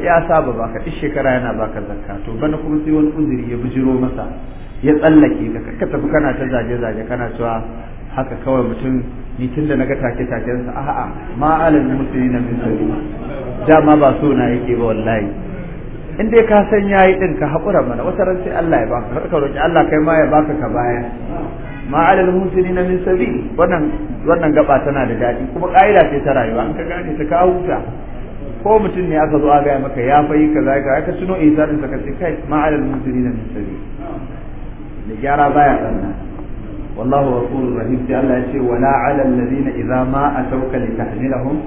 ya saba baka duk shekara yana baka zakka to bana kuma sai wani uzuri ya bujiro masa ya tsallake ka kaka tafi kana ta zaje-zaje kana cewa haka kawai mutum ni tun da naga take take sa a'a ma alal muslimin min sabi dama ba so na yake ba wallahi in dai ka san yayi din ka haƙura mana wata ran sai Allah ya baka ka roki Allah kai ma ya baka ka baya ma alal muhsinina min sabil wannan wannan gaba tana da dadi kuma kaida ce ta rayuwa in ka gane ta ka huta ko mutum ne aka zo a gaya maka ya fayi kaza ka ka tuno ihsanin sa ka ce kai ma alal muhsinina min sabil ne gyara baya sannan wallahu ghafurur rahim sai Allah ya ce wala alal ladina idza ma atauka litahmilahum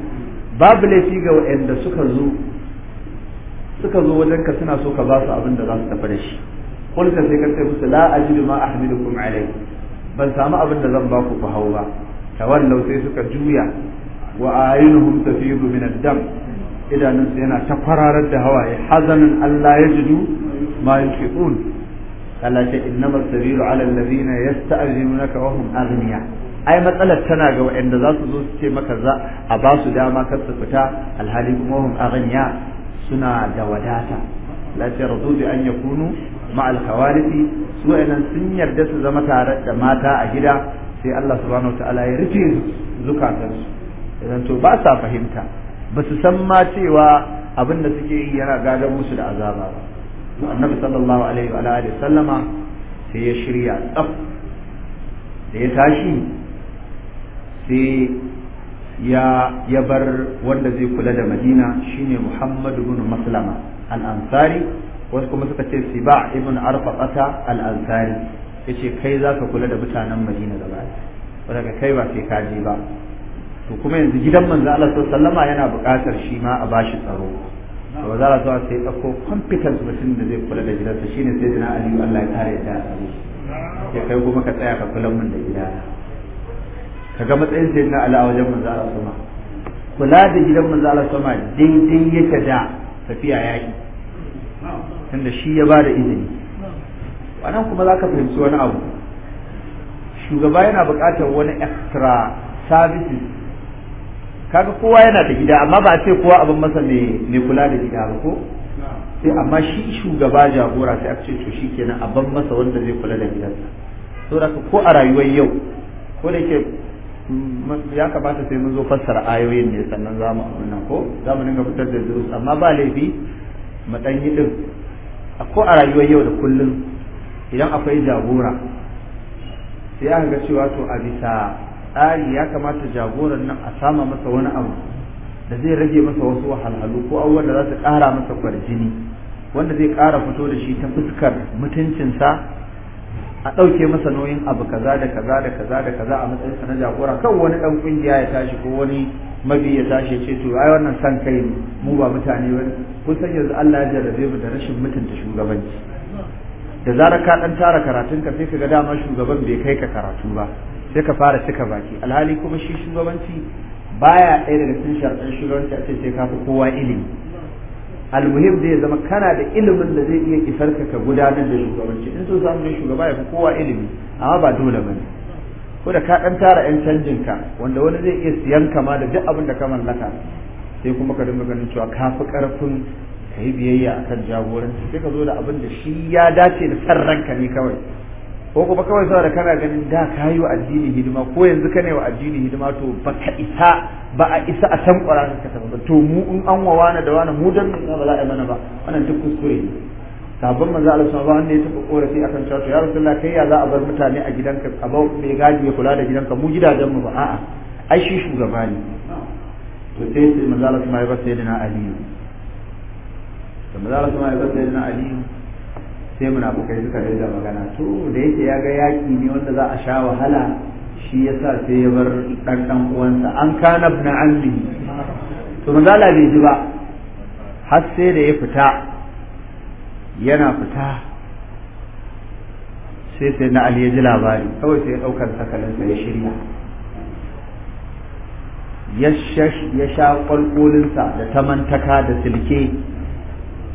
babu laifi ga waɗanda suka zo suka zo wajen ka suna so ka ba su abin da za su tafi da shi kulka sai ka ce musu la ajidu ma ahmilukum alai ban samu abin da zan ba ku ku hau ba tawallau sai suka juya wa ayinuhum tafidu min ad-dam idanunsu yana ta kwararar da hawaye hazanin Allah ya jidu ma yunfiqun Allah ce innama sabilu ala alladhina yasta'zinunaka wa hum aghniya ai matsalar tana ga waɗanda za su zo su ce maka za a ba su dama kar su fita alhali kuma hum aghniya suna da wadata la tardu bi an kunu ma'al khawarifi su wa'annan sun yarda su zama tare da mata a gida sai Allah subhanahu wataala ya rufe zukatansu idan to ba sa fahimta ba su san ma cewa abin da suke yi yana gadon musu da azaba ba annabi sallallahu alaihi wa alihi sallama sai ya shirya tsaf da ya tashi sai ya ya bar wanda zai kula da madina shine muhammad ibn maslama al-ansari wasu kuma suka ce siba ibn arfaqata al-ansari yace kai zaka kula da mutanen madina gaba ɗaya kai ba sai ka je ba to kuma yanzu gidan manzo Allah sallama yana buƙatar shi ma a bashi tsaro to za a sai sai ko competence mutum da zai kula da gidansa shine sai dina Aliyu Allah ya tare da ya kai kuma ka tsaya ka kula mun da gidana kaga matsayin sai na ala wajen manzo Allah sama kula da gidan manzo Allah sama daidai yake da tafiya yaki tunda shi ya bada izini wannan kuma zaka fahimci wani abu shugaba yana buƙatar wani extra services kaga kowa yana da gida amma ba a ce kowa abin masa mai kula da gida ba ko sai amma shi shugaba jagora sai aka ce to shi kenan a masa wanda zai kula da gidansa saboda ko a rayuwar yau ko da yake ya kamata sai mun zo fassara ayoyin ne sannan za mu nan ko za mu dinga fitar da durus amma ba laifi mu dan yi din ko a rayuwar yau da kullum idan akwai jagora sai ya ga cewa to a bisa tsari ya kamata jagoran nan a sama masa wani abu da zai rage masa wasu wahalhalu ko abubuwan da za su ƙara masa kwarjini wanda zai kara fito da shi ta fuskar mutuncinsa a ɗauke masa nauyin abu kaza da kaza da kaza da kaza a matsayinsa na jagora kan wani ɗan ƙungiya ya tashi ko wani mabi ya tashi ce to ai wannan san kai ne mu ba mutane ba kun san yanzu Allah ya jarrabe mu da rashin mutunta shugabanci da zarar ka ɗan tara karatun ka sai ka ga dama shugaban bai kai ka karatu ba sai ka fara cika baki alhali kuma shi shugabanci baya ɗaya daga cikin sharɗin shugabanci a ce sai ka fi kowa ilimi almuhim zai zama kana da ilimin da zai iya isar ka ka gudanar da shugabanci in so samu ne shugaba ya fi kowa ilimi amma ba dole ba ne ko da ka ɗan tara 'yan canjin ka wanda wani zai iya siyan kama da duk abin da ka mallaka sai kuma ka dinga ganin cewa ka fi ƙarfin ka yi biyayya akan jagoranci sai ka zo da abin da shi ya dace da san ranka ne kawai ko kuma kawai saboda kana ganin da ka yi wa addini hidima ko yanzu ka ne wa addini hidima to ba ka isa ba a isa a san ƙwararren ka ba to mu in an wa wani da wani mu dan ba za a yi mana ba wannan duk kuskure ne sabon manzo Allah sallallahu alaihi wanda ya taba korafi akan cewa to ya rasulullah kai ya za a bar mutane a gidanka a ba mai gadi ya kula da gidanka mu gidajen mu ba a'a ai shi shugaba ne to sai sai manzo Allah sallallahu alaihi wasallam ya na aliyu da manzo Allah sallallahu alaihi wasallam ya na aliyu sai bukai suka rage magana to da yake ya ga yaki ne wanda za a sha wahala shi sa sai ya bar ɗanɗan uwansa an kana na ammi to manzo bai ji ba har sai da ya fita yana fita sai sai na Ali ya ji labari kawai sai ya daukar sakalinsa ya shirya ya sha ƙwalƙolinsa da tamantaka da silke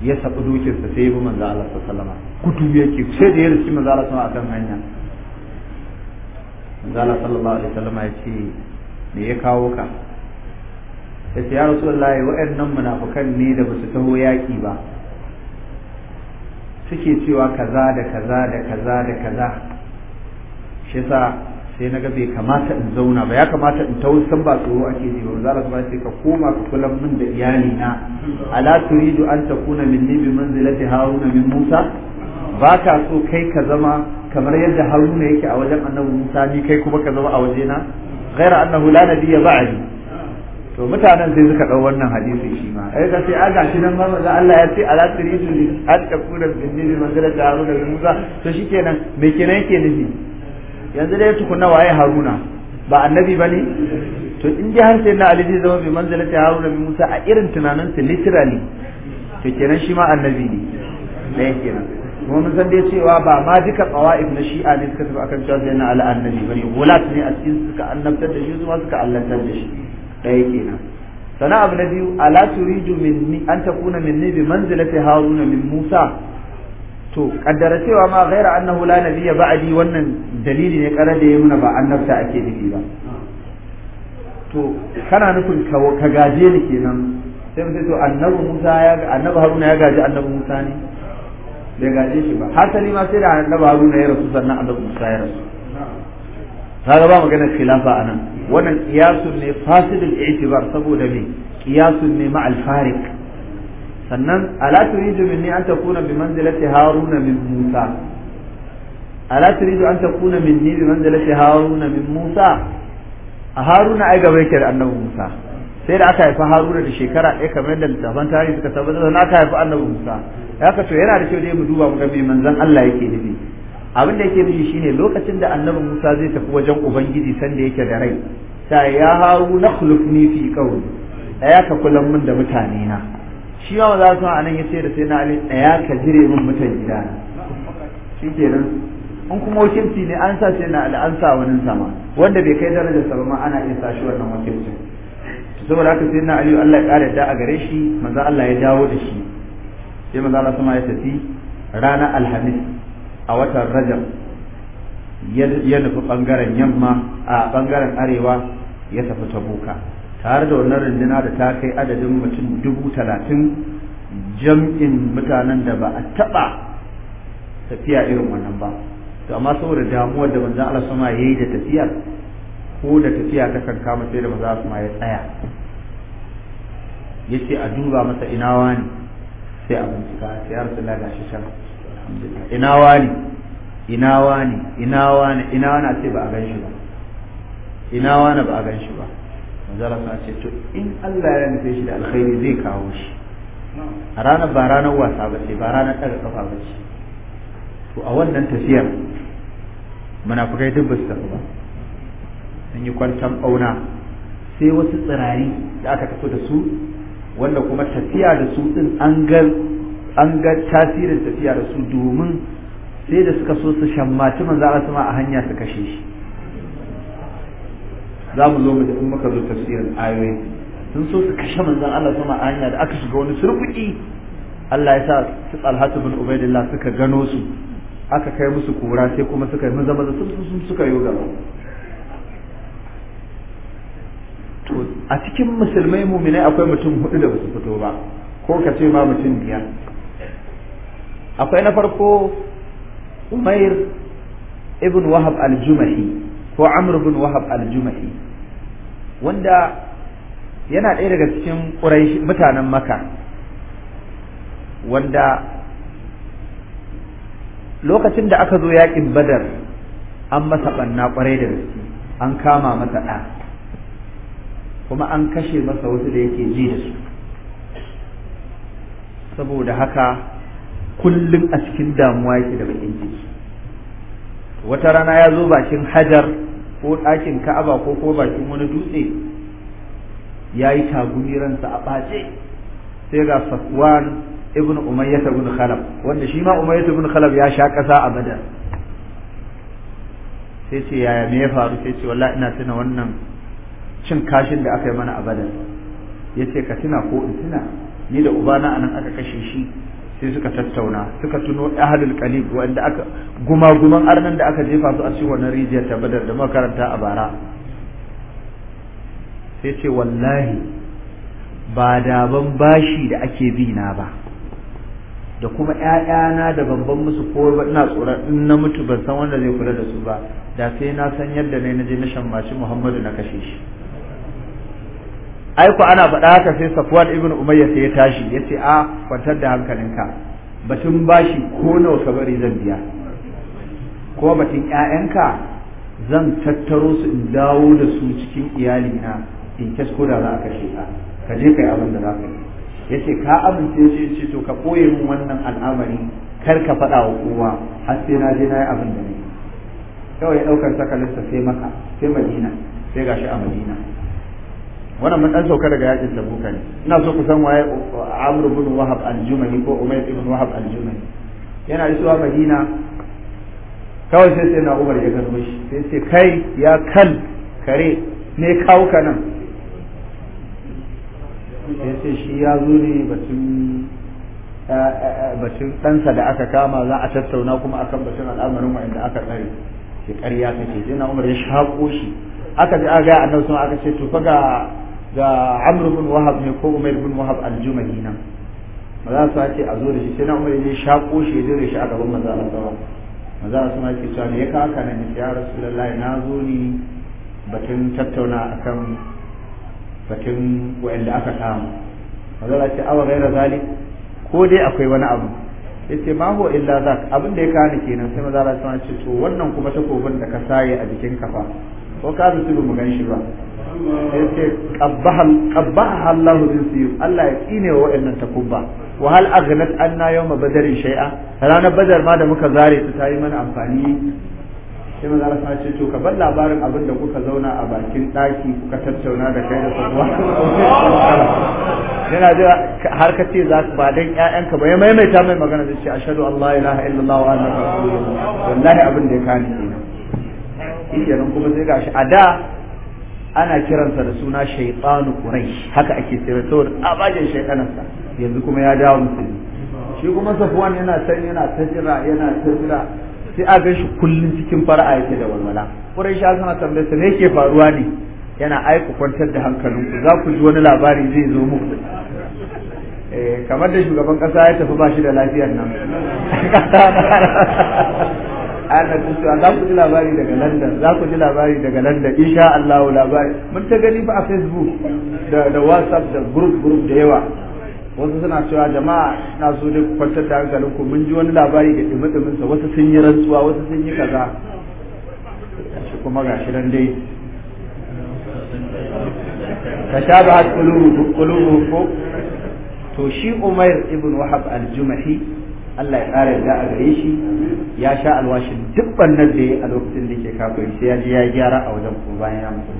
ya saɓi dukinsa sai ya bi manzala sallama kutu yake sai da ya rufe manzala Allah a akan hanya zala sallallahu alaihi wasallam ya ce me ya kawo ka ya ce ya rasulullahi wa'annan munafukan ne da basu taho yaki ba suke cewa kaza da kaza da kaza da kaza shi sa sai na bai kamata in zauna ba ya kamata in ta san ba tsoro ake ji ba zala ba sai ka koma ka kula min da iyali na ala turidu an takuna min bi manzilati haruna min musa ba ka so kai ka zama kamar yadda haruna yake a wajen annabi musa ni kai kuma ka zama a wajena ghaira annahu la nabiyya ba'di to mutanen sai suka dau wannan hadisi shi ma ai ka sai a gashi nan ma Allah ya ce ala tiritu li atakuna binni bi manzara da haruna da musa to shikenan me kenan yake nufi yanzu dai tukunna waye haruna ba annabi bane to in ji har sai na ali zai zama bi ta haruna bi musa a irin tunanin su literally to kenan shi ma annabi ne ne kenan mun san dai cewa ba ma duka qawaid na shi'a ne suka tafi akan cewa sai na ala annabi bane gulat ne a cikin suka annabtar da shi zuwa suka allantar da shi ɗaya kenan sana abu na biyu ala turidu ni an takuna minni bi manzilati haruna min musa to kaddara cewa ma ghaira annahu la nabiyya ba'di wannan dalili ne karar da ya nuna ba annabta ake nufi ba to kana nufin ka gaje ni kenan sai mu ce to annabi Musa ya annabi Haruna ya gaji annabi Musa ne bai gaje shi ba hasali ma sai da annabi haruna ya rasu sannan Allah musa ya rasu ga ba maganar khilafa nan. wannan qiyasun ne fasidul i'tibar saboda me qiyasun ne ma alfarik. sannan ala turidu minni an takuna bi manzilati haruna min musa ala turidu an takuna minni bi manzilati haruna min musa a haruna ai gaba yake da annabi musa sai da aka haifi haruna da shekara ɗaya kamar yadda littafan tarihi suka tabbatar da aka haifi annabi musa ya ka to yana da kyau dai mu duba mu ga me manzon Allah yake nufi abin da yake nufi shine lokacin da annabi musa zai tafi wajen ubangiji sanda yake da rai ta ya haruna khulufni fi qawli ya ka kulan min da mutane na shi ma za su anan ya sai da sai na ali ya ka jire min mutan gida shi kenan in kuma wakilci ne an sa sai na al'ansa wani sama wanda bai kai darajar sa ba ma ana iya sa shi wannan wakilcin saboda haka sai na aliyu Allah ya ƙara da a gare shi manzo Allah ya dawo da shi sai manzo Allah sama ya tafi ranar alhamis a watan rajab ya nufi bangaren yamma a bangaren arewa ya tafi tabuka tare da wannan runduna da ta kai adadin mutum dubu talatin jam'in mutanen da ba a taɓa tafiya irin wannan ba to amma saboda damuwar da manzo Allah sama yayi da tafiyar ko da tafiya ta kanka kama sai da manzo Allah sama ya tsaya ya ce a duba masa inawa ne sai a bincika a ciyar su laga shi shan ina wani inawa wani ina wani ina wani a ce ba a gan shi ba inawa wani ba a gan shi ba manzara sa ce to in Allah ya nufe shi da alkhairi zai kawo shi a ranar ba ranar wasa ba ce ba ranar ɗaga kafa ba ce to a wannan tafiyar munafukai duk ba su tafi ba sun yi kwantan ɓauna sai wasu tsirari da aka tafi da su wanda kuma tafiya da su din an ga an ga tasirin tafiya da su domin sai da suka so su shammaci manzo Allah sama a hanya su kashe shi za mu zo mu da kuma muka zo tafsirin ayoyi sun so su kashe manzon Allah sama a hanya da aka shiga wani surfuki Allah ya sa su Talhat bin Ubaidillah suka gano su aka kai musu kura sai kuma suka yi maza maza sun suka yi gaba to a cikin musulmai muminai akwai mutum hudu da basu fito ba ko ka ce ma mutum biyar akwai na farko umair ibn wahab al-jumahi ko amr ibn wahab al-jumahi wanda yana ɗaya daga cikin mutanen maka wanda lokacin da aka zo yaƙin badar an masa ɓanna ƙwarai da gaske an kama masa ɗa kuma an kashe masa wasu da yake ji da su saboda haka kullum a cikin damuwa yake da bakin ciki wata rana ya zo bakin hajar ko ɗakin ka'aba ko ko bakin wani dutse ya yi tagumi ransa a ɓace sai ga safwan ibn umayyah ibn khalaf wanda shi ma umayyah ibn khalaf ya sha ƙasa a badar sai ce yaya me ya faru sai ce wallahi ina tuna wannan cin kashin da aka yi mana a badar ya ce ka tuna ko in tuna ni da ubana anan aka kashe shi sai suka tattauna suka tuno ahalul qalib wanda aka guma guman arnan da aka jefa su a cikin wannan rijiyar ta badar da makaranta a bara sai ce wallahi ba da ban bashi da ake bi na ba da kuma ƴaƴana da babban musu ko ina tsoron in na mutu ban san wanda zai kula da su ba da sai na san yadda ne na je na mashi Muhammadu na kashe shi ai ku ana faɗa haka sai Safwan ibn Umayya sai ya tashi yace a ah, kwantar da hankalinka batun bashi ko nawa ka bari zan biya ko batun ƴaƴanka zan tattaro su in dawo da su cikin iyalina in kes ko da za ka kashe ka ka je kai abin da za ka yi yace ka amince shi yace to ka koye min wannan al'amari kar ka faɗa wa kowa har sai na je na yi abin da ne kawai ɗaukar sakalinsa sai maka sai madina sai gashi a madina wannan mun dan sauka daga yakin tabuka ne ina so ku san waye amr ibn wahab al jumani ko umayr ibn wahab al jumani yana isuwa madina kawai sai sai na umar ya gano shi sai sai kai ya kal kare ne kawo ka nan sai sai shi ya zo ne batun eh, eh, batun ɗansa da aka kama za a tattauna kuma akan batun al'amarin wa'anda aka tsare shi ƙarya kake sai na umar ya shaƙo shi aka ji aga annabi sun aka ce to fa ga ga amru bin wahab ne ko umair bin wahab al-jumahi nan ba za su ce a zo da shi sai na umar ya sha shi ya dire shi a gaban manzo Allah sallallahu alaihi wasallam manzo Allah ke cewa ne ya ka haka ne ya rasulullahi na zo ni batun tattauna akan batun wanda aka samu manzo Allah ce awa gaira zalik ko dai akwai wani abu yace ma huwa illa zak abin da ya kani kenan sai manzo Allah ya ce to wannan kuma takobin da ka saye a jikin kafa ko ka zuci mu gan shi ba yace qabbaha Allah bin suyuf Allah ya tsine wa wa'annan takubba wa hal aghnat anna yawma badrin shay'a ranar badar ma da muka zare su tayi mana amfani sai maza Allah ce to ka bar labarin abin da kuka zauna a bakin daki kuka tattauna da kai da sabuwa [laughs] yana da har ka ce za ba dan ƴaƴanka ba ya maimaita mai magana da shi ashhadu an la ilaha illallah wa anna rasulullah wallahi abin da ya kani kenan kuma sai gashi a da ana kiransa da suna shaitanu quraish haka ake tsira saboda abajin shaitanansa yanzu kuma ya dawo musulmi shi kuma safwan yana san yana ta jira yana ta sai a ga shi kullun cikin fara'a yake da walwala quraish suna tambayar sa yake faruwa ne yana aiku kwantar da hankalinku za ku ji wani labari zai zo muku eh, kamar da shugaban kasa ya tafi ba shi da lafiyar nan [laughs] annabi cewa za ku ji labari daga London za ku ji labari daga London insha Allah labari mun ta gani fa a Facebook da da WhatsApp da group group da yawa wasu suna cewa jama'a na so dai kwantar da hankalin ku mun ji wani labari da dimi sa wasu sun yi rantsuwa wasu sun yi kaza shi kuma gashi nan dai tashabahat qulubuhum qulubuhum to shi Umair ibn Wahab al-Jumahi Allah ya ƙara yarda a gare shi ya sha alwashin duk nan da ya a lokacin da yake kafiri sai ya ji ya gyara a wajen kuma bayan ya mutu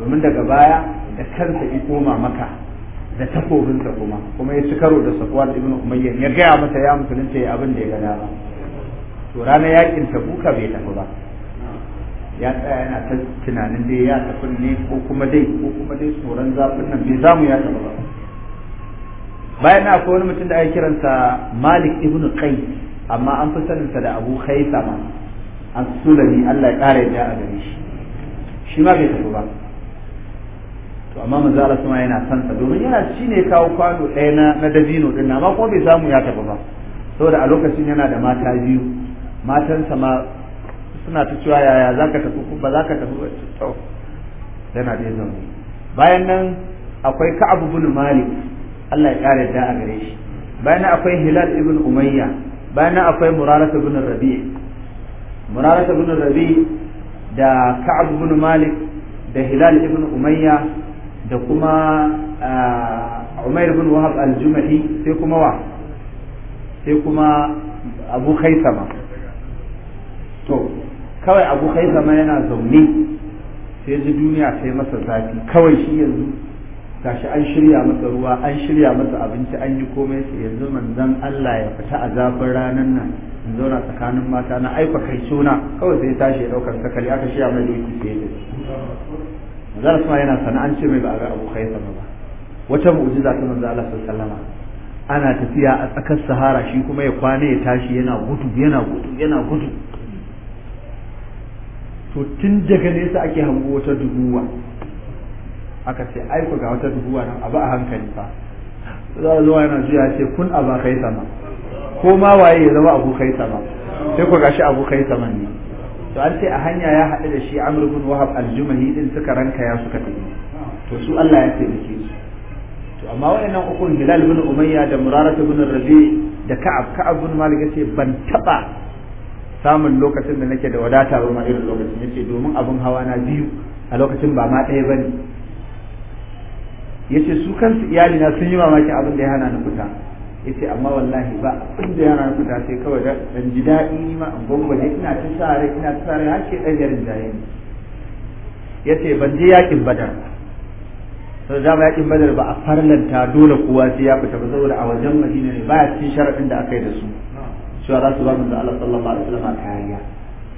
domin daga baya da kansa ya koma maka da takobinsa kuma kuma ya ci karo da da ibn Umayyah ya gaya masa ya musulunta ya abin da ya gada ba to ranar yakin buka bai tafi ba ya tsaya yana ta tunanin dai ya tafi ne ko kuma dai ko kuma dai tsoron zafin nan bai zamu ya tafi ba bayan na akwai wani mutum da ake kiransa malik ibn qais amma an fi saninsa da abu khaisama an sulami Allah ya kara yadda a gare shi shi ma bai tafi ba to amma manzo Allah kuma yana son sa domin yana shine kawo kwano ɗaya na na dabino din amma kuma bai samu ya tafi ba saboda a lokacin yana da mata biyu matansa ma suna ta cewa yaya zaka tafi ba zaka tafi ba to yana da yanzu bayan nan akwai Ka'ab ibn Malik Allah ya kare da a gare shi bayan akwai Hilal ibn Umayya bayan akwai Murarata ibn Rabi' Murarata ibn Rabi' da Ka'ab ibn Malik da Hilal ibn Umayya da kuma ah, Umair ibn Wahab al-Jumahi sai kuma wa sai kuma Abu Khaisama to kawai Abu Khaisama yana zaune sai ji duniya sai masa zafi kawai shi yanzu gashi an shirya masa ruwa an shirya masa abinci an yi komai sai yanzu manzon Allah ya fita a zafin ranan nan in zauna tsakanin mata na aika kai suna kawai sai tashi ya daukar sakali aka shirya mai doki sai da zan Allah yana an ce mai ba ga abu sama ba wata mu'jiza ta manzo Allah sallallahu ana tafiya a tsakar sahara shi kuma ya kwana ya tashi yana gudu yana gudu yana gudu to tun daga nesa ake hango wata duguwa aka ce ai ku ga wata dubuwa nan abu a hankali fa za a zuwa yana juya ce kun abu kai sama ko ma waye ya zama abu kai sama sai ku gashi abu kai sama ne to an ce a hanya ya haɗu da shi amr ibn wahab al-jumahi din suka ranka ya suka tafi to su Allah ya taimake su to amma wayannan uku hilal ibn umayya da murara ibn rabi da ka'ab ka'ab ibn malik yace ban taba samun lokacin da nake da wadata ba ma irin lokacin yace domin abun hawa na biyu a lokacin ba ma ɗaya bane yace su kansu iyalina sun yi mamakin abin da ya hana ni fita yace amma wallahi ba abin da ya hana ni fita sai kawai da dan ji in ni ma an ne ina ta sare ina ta sare har ke dan yarin jaye yace ban je yakin badar sau da ma yakin badar ba a farlanta dole kowa sai ya fita ba saboda a wajen madina ne baya cikin sharadin da aka yi da su cewa za su ba mu da Allah sallallahu alaihi wasallam kariya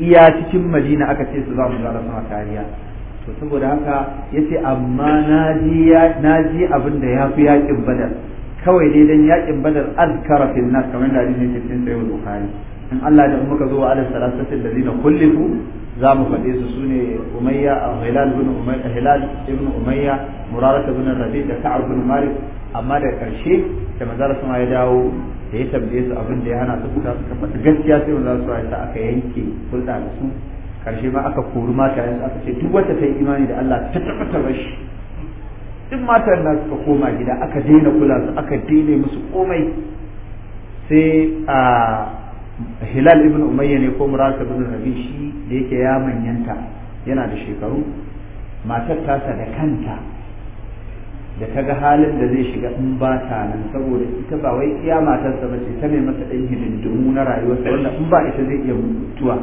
iya cikin madina aka ce su ba mu da Allah sallallahu alaihi wasallam kariya to saboda haka yace amma na ji abin da ya fi yakin badar kawai dai dan yakin badar azkara fil nas kamar da hadisi cikin sahih bukhari in Allah da muka zo ala salasatin ladina kullifu za mu faɗe su sune umayya hilal ibn umayya hilal ibn umayya murarata ibn rabi da ta'ab ibn malik amma da karshe da manzara sama ya dawo da ya tambaye su abin da ya hana su fita su kafa gaskiya sai manzara sama ya aka yanke hulɗa da su karshe ma aka kori mata yanzu aka ce duk wata ta yi imani da Allah ta tabbatar shi duk matan nan suka koma gida aka daina kula su aka daina musu komai sai a hilal ibn umayya ne ko murasa ibn rabi shi da yake ya manyanta yana da shekaru matar tasa da kanta da ta ga halin da zai shiga in ba ta nan saboda ita ba wai iya matarsa ba ce ta mai masa ɗan hidindimu na rayuwarsa wanda in ba ita zai iya mutuwa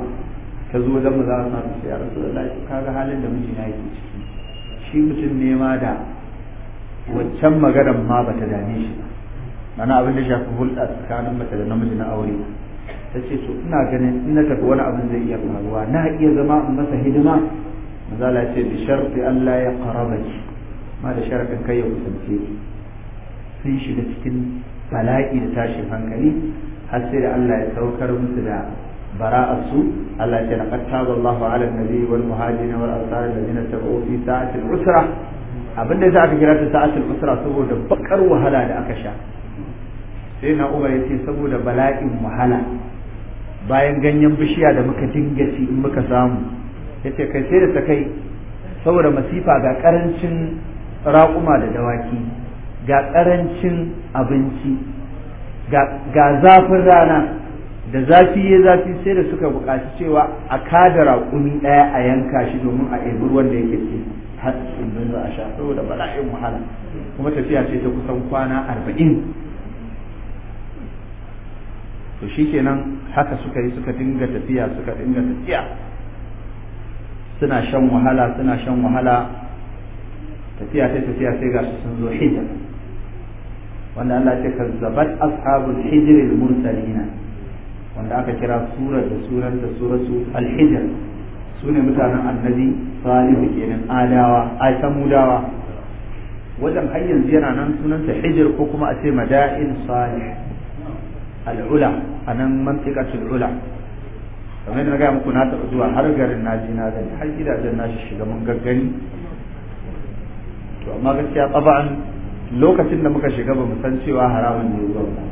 ta zo wajen mu a samu sai a rasulullahi kaga halin da mijina yake ciki shi mutum ne ma da waccan maganar ma bata dame shi ba mana abin da shafi hulɗa tsakanin mace da namiji na aure ta ce to ina ganin in na tafi wani abin zai iya faruwa na iya zama in masa hidima mazala ce bi sharfi Allah ya qaraba ki ma da sharafin kai ya kusance ki sun shiga cikin bala'i da tashin hankali har sai da Allah ya saukar musu da bara'arsu Allah ya laqad taba Allahu 'ala an-nabi wal muhajirin wal ansar alladhina tabu'u fi sa'ati al-usra abinda za aka kira ta sa'ati al-usra saboda bakar wahala da aka sha sai na Umar yace saboda bala'in wahala bayan ganyen bishiya da muka dinga ci in muka samu yace kai sai da ta kai saboda masifa ga ƙarancin raƙuma da dawaki ga karancin abinci ga zafin rana da zafi ya zafi sai da suka buƙaci cewa a kada raƙumi ɗaya a yanka shi domin a ebi ruwan da yake ce har tsundun a sha saboda bala'in wahala kuma tafiya ce ta kusan kwana arba'in to shi kenan haka suka yi suka dinga tafiya suka dinga tafiya suna shan wahala suna shan wahala tafiya sai tafiya sai ga sun zo hijira wanda Allah ya ce kazzabat ashabul al mursalina wanda aka kira surar da sunan da suratu al-hijr su ne mutanen annabi salihu kenan adawa ai wajen har yanzu yana nan sunanta hijr ko kuma a ce mada'in salih al'ula a nan mantiƙatul ula kamar yadda na gaya muku na taɓa zuwa har garin na ji na gani har gidajen na shi shiga mun gaggani to amma gaskiya tsaba'an lokacin da muka shiga ba mu san cewa haramun ne zuwa ba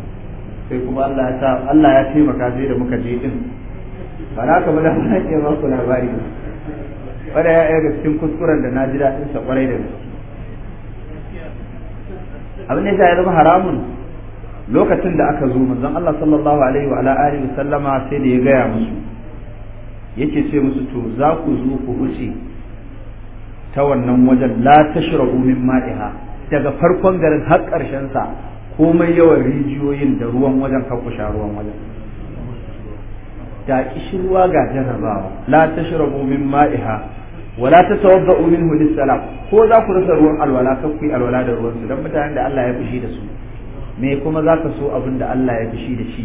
sai kuma Allah ya sa Allah ya taimaka sai da muka je din ba na ka bada mana iya ba ku labari wanda ya yi cikin kuskuren da na ji daɗin sa kwarai da gaske abin da ya zama haramun lokacin da aka zo manzon Allah sallallahu alaihi wa alihi sallama sai da ya gaya musu yake ce musu to za ku zo ku huce. ta wannan wajen la tashrabu min ma'iha daga farkon garin har ƙarshen sa komai yawan rijiyoyin da ruwan wajen kakusha ruwan wajen ta kishirwa ga jarrabawa. la tashrabu min ma'iha wa la tatawadda'u minhu lis-salam ko za ku rasa ruwan alwala kan ku alwala da ruwansu don mutanen da Allah ya fushi da su me kuma za ka so abin da Allah ya fushi da shi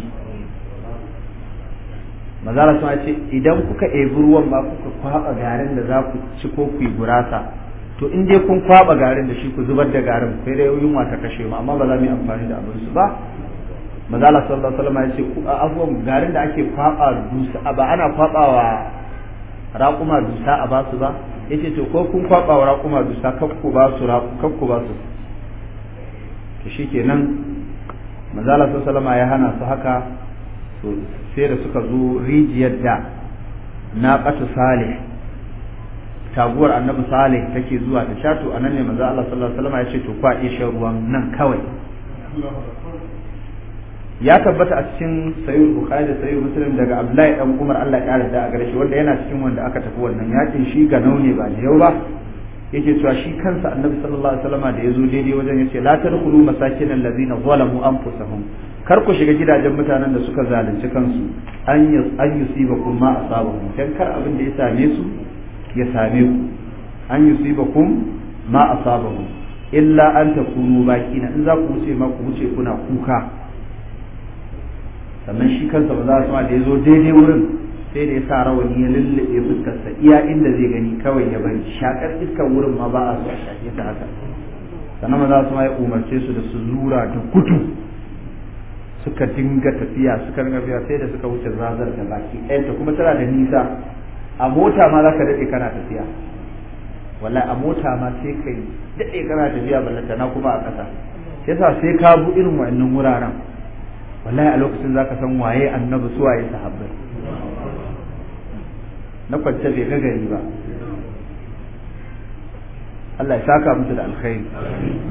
mazara sun ce idan kuka ebi ruwan ba kuka kwaba garin da za ku ci ko ku yi gurasa to in dai kun kwaba garin da shi ku zubar da garin sai dai yunwa ta kashe mu amma ba za mu yi amfani da abin su ba maza sallallahu alaihi wasallam ya ce afwan garin da ake kwaba dusa ba ana kwabawa raƙuma dusa a basu ba yace to ko kun kwaba wa raƙuma dusa kakku ba su kakku ba su to shikenan maza Allah sallallahu alaihi wasallam ya hana su haka to sai da suka zo rijiyar da naqatu salih taguwar annabi salih take zuwa ta sha to anan ne manzo Allah sallallahu alaihi wasallam ya ce to kwa shan ruwan nan kawai ya tabbata a cikin sayyid bukhari da sayyid muslim daga abdullahi dan umar Allah ya karanta a gare shi wanda yana cikin wanda aka tafi wannan yakin shi ga naune ba yau ba yake cewa shi kansa annabi sallallahu alaihi wasallam da yazo daidai wajen yace la tadkhulu masakin allazina zalamu anfusahum kar ku shiga gidajen mutanen da suka zalunci kansu an yusibakum ma asabahum dan kar abin da ya same su ya same ku an yusibakum ma asabahu illa an takunu bakina, in za ku wuce ma ku wuce kuna kuka sannan shi kansa ba za su da ya zo daidai wurin sai da ya sa rawani ya lullube fuskarsa iya inda zai gani kawai ya bari shakar iskar wurin ma ba a so a ta haka sannan maza su ma ya umarce su da su zura da gudu suka dinga tafiya suka dinga tafiya sai da suka wuce zazar da baki ɗayanta kuma tana da nisa a mota ma zaka daɗe kana tafiya wallahi a mota ma sai kai Daɗe kana tafiya ballanta na kuma a ƙasa yasa sai ka bu irin wa'annan wuraren wallahi a lokacin zaka san waye annabi su waye sahabbai na kwance bai ga gari ba Allah ya saka musu da alkhairi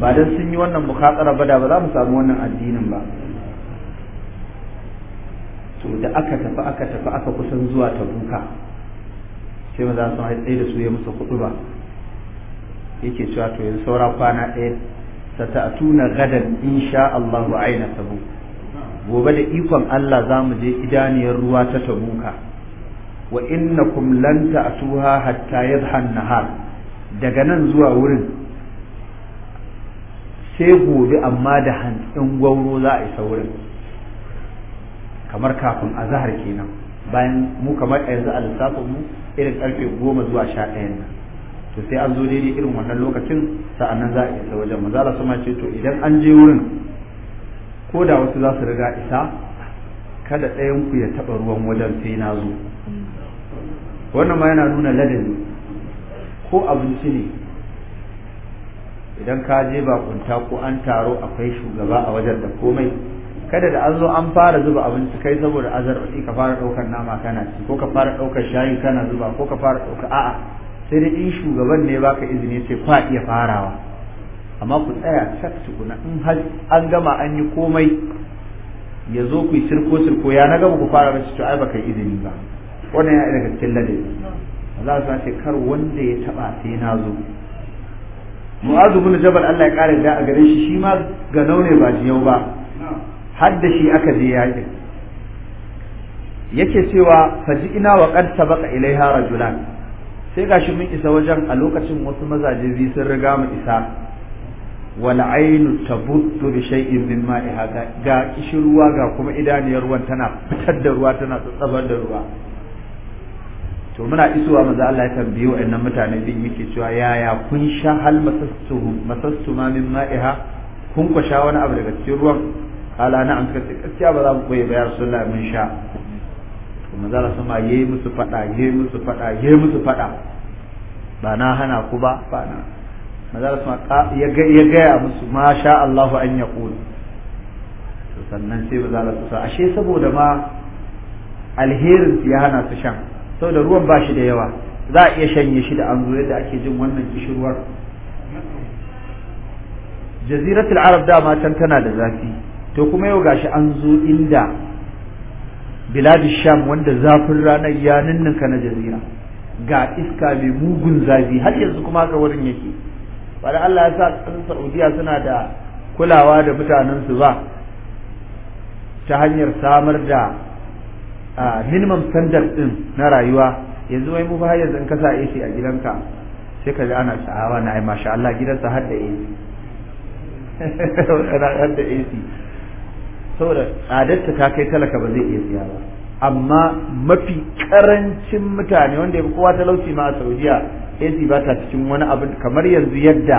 ba dan sun yi wannan mukhaqara ba da ba za mu samu wannan addinin ba to da aka tafi aka tafi aka kusan zuwa ta buka sai maza sun haɗe da su ya musu kuɗu ba yake cewa to yanzu saura kwana ɗaya tuna gadan insha Allah wa aina tabu gobe da ikon Allah za mu je idaniyar ruwa ta tabuka wa na lan ta'tuha hatta yadhha nahar daga nan zuwa wurin sai gobe amma da hantsin gwauro za a isa wurin kamar kafin a zahar kenan bayan mu kamar yanzu a lissafin mu irin karfe goma zuwa sha ɗaya nan to sai an zo daidai irin wannan lokacin sa'annan za a isa wajen mu za sama ce to idan an je wurin ko da wasu za su riga isa kada ɗayan ku ya taɓa ruwan wajen sai na zo wannan ma yana nuna ladabi ko abinci ne idan ka je bakunta ko an taro akwai shugaba a wajen da komai kada da an zo an fara zuba abinci kai saboda azarbaɗi ka fara ɗaukar nama kana ci ko ka fara ɗaukar shayi kana zuba ko ka fara ɗaukar a'a sai dai in shugaban ne baka izini sai kwa iya farawa amma ku tsaya cak tukuna in har an gama an yi komai ya zo ku yi sirko sirko ya na gama ku fara mace to ai baka izini ba wannan ya daga cikin ladabi za su ce kar wanda ya taba sai na zo mu'azu bin jabal Allah ya kare da a garin shi shi ma ga ne ba yau ba har da shi aka je yakin yake cewa faji ina wa kad sabaka ilaiha rajulan sai gashi mun isa wajen a lokacin wasu mazaje biyu sun riga mu isa wal ainu tabuddu bi shay'in min ma'iha ga kishiruwa ga kuma idaniyar ruwan tana fitar da ruwa tana tsabar da ruwa to muna isuwa maza Allah ya tambayi wa'annan mutane din yake cewa yaya kun sha hal masastu masastu ma min ma'iha kun kwasha wani abu daga cikin ruwan kala na an kace gaskiya ba za mu koyi bayar sunna mun sha kuma su ma yayi musu fada yayi musu fada yayi musu fada ba na hana ku ba ba na su ma ya gaya musu ma sha Allahu an ya yaqulu sannan sai manzara su ashe saboda ma alherin ya hana su shan saboda ruwan ba shi da yawa za a iya shanye shi da an zo yadda ake jin wannan kishirwar jaziratul arab dama can tana da zafi to kuma yau gashi an zo inda biladi sham wanda zafin ranar ya ninninka na jazira ga iska mai mugun zafi har yanzu kuma ga wurin yake bari Allah ya sa kan Saudiya suna da kulawa da mutanensu ba ta hanyar samar da minimum standard din na rayuwa yanzu wai mu ba yanzu in ka AC a gidanka sai ka ji ana sa'awa na ai masha Allah gidansa har da AC [laughs] saboda tsadarta ta kai talaka ba zai iya siya ba amma mafi karancin mutane wanda ya kowa talauci ma a saudiya ac ba ta cikin wani abu kamar yanzu yadda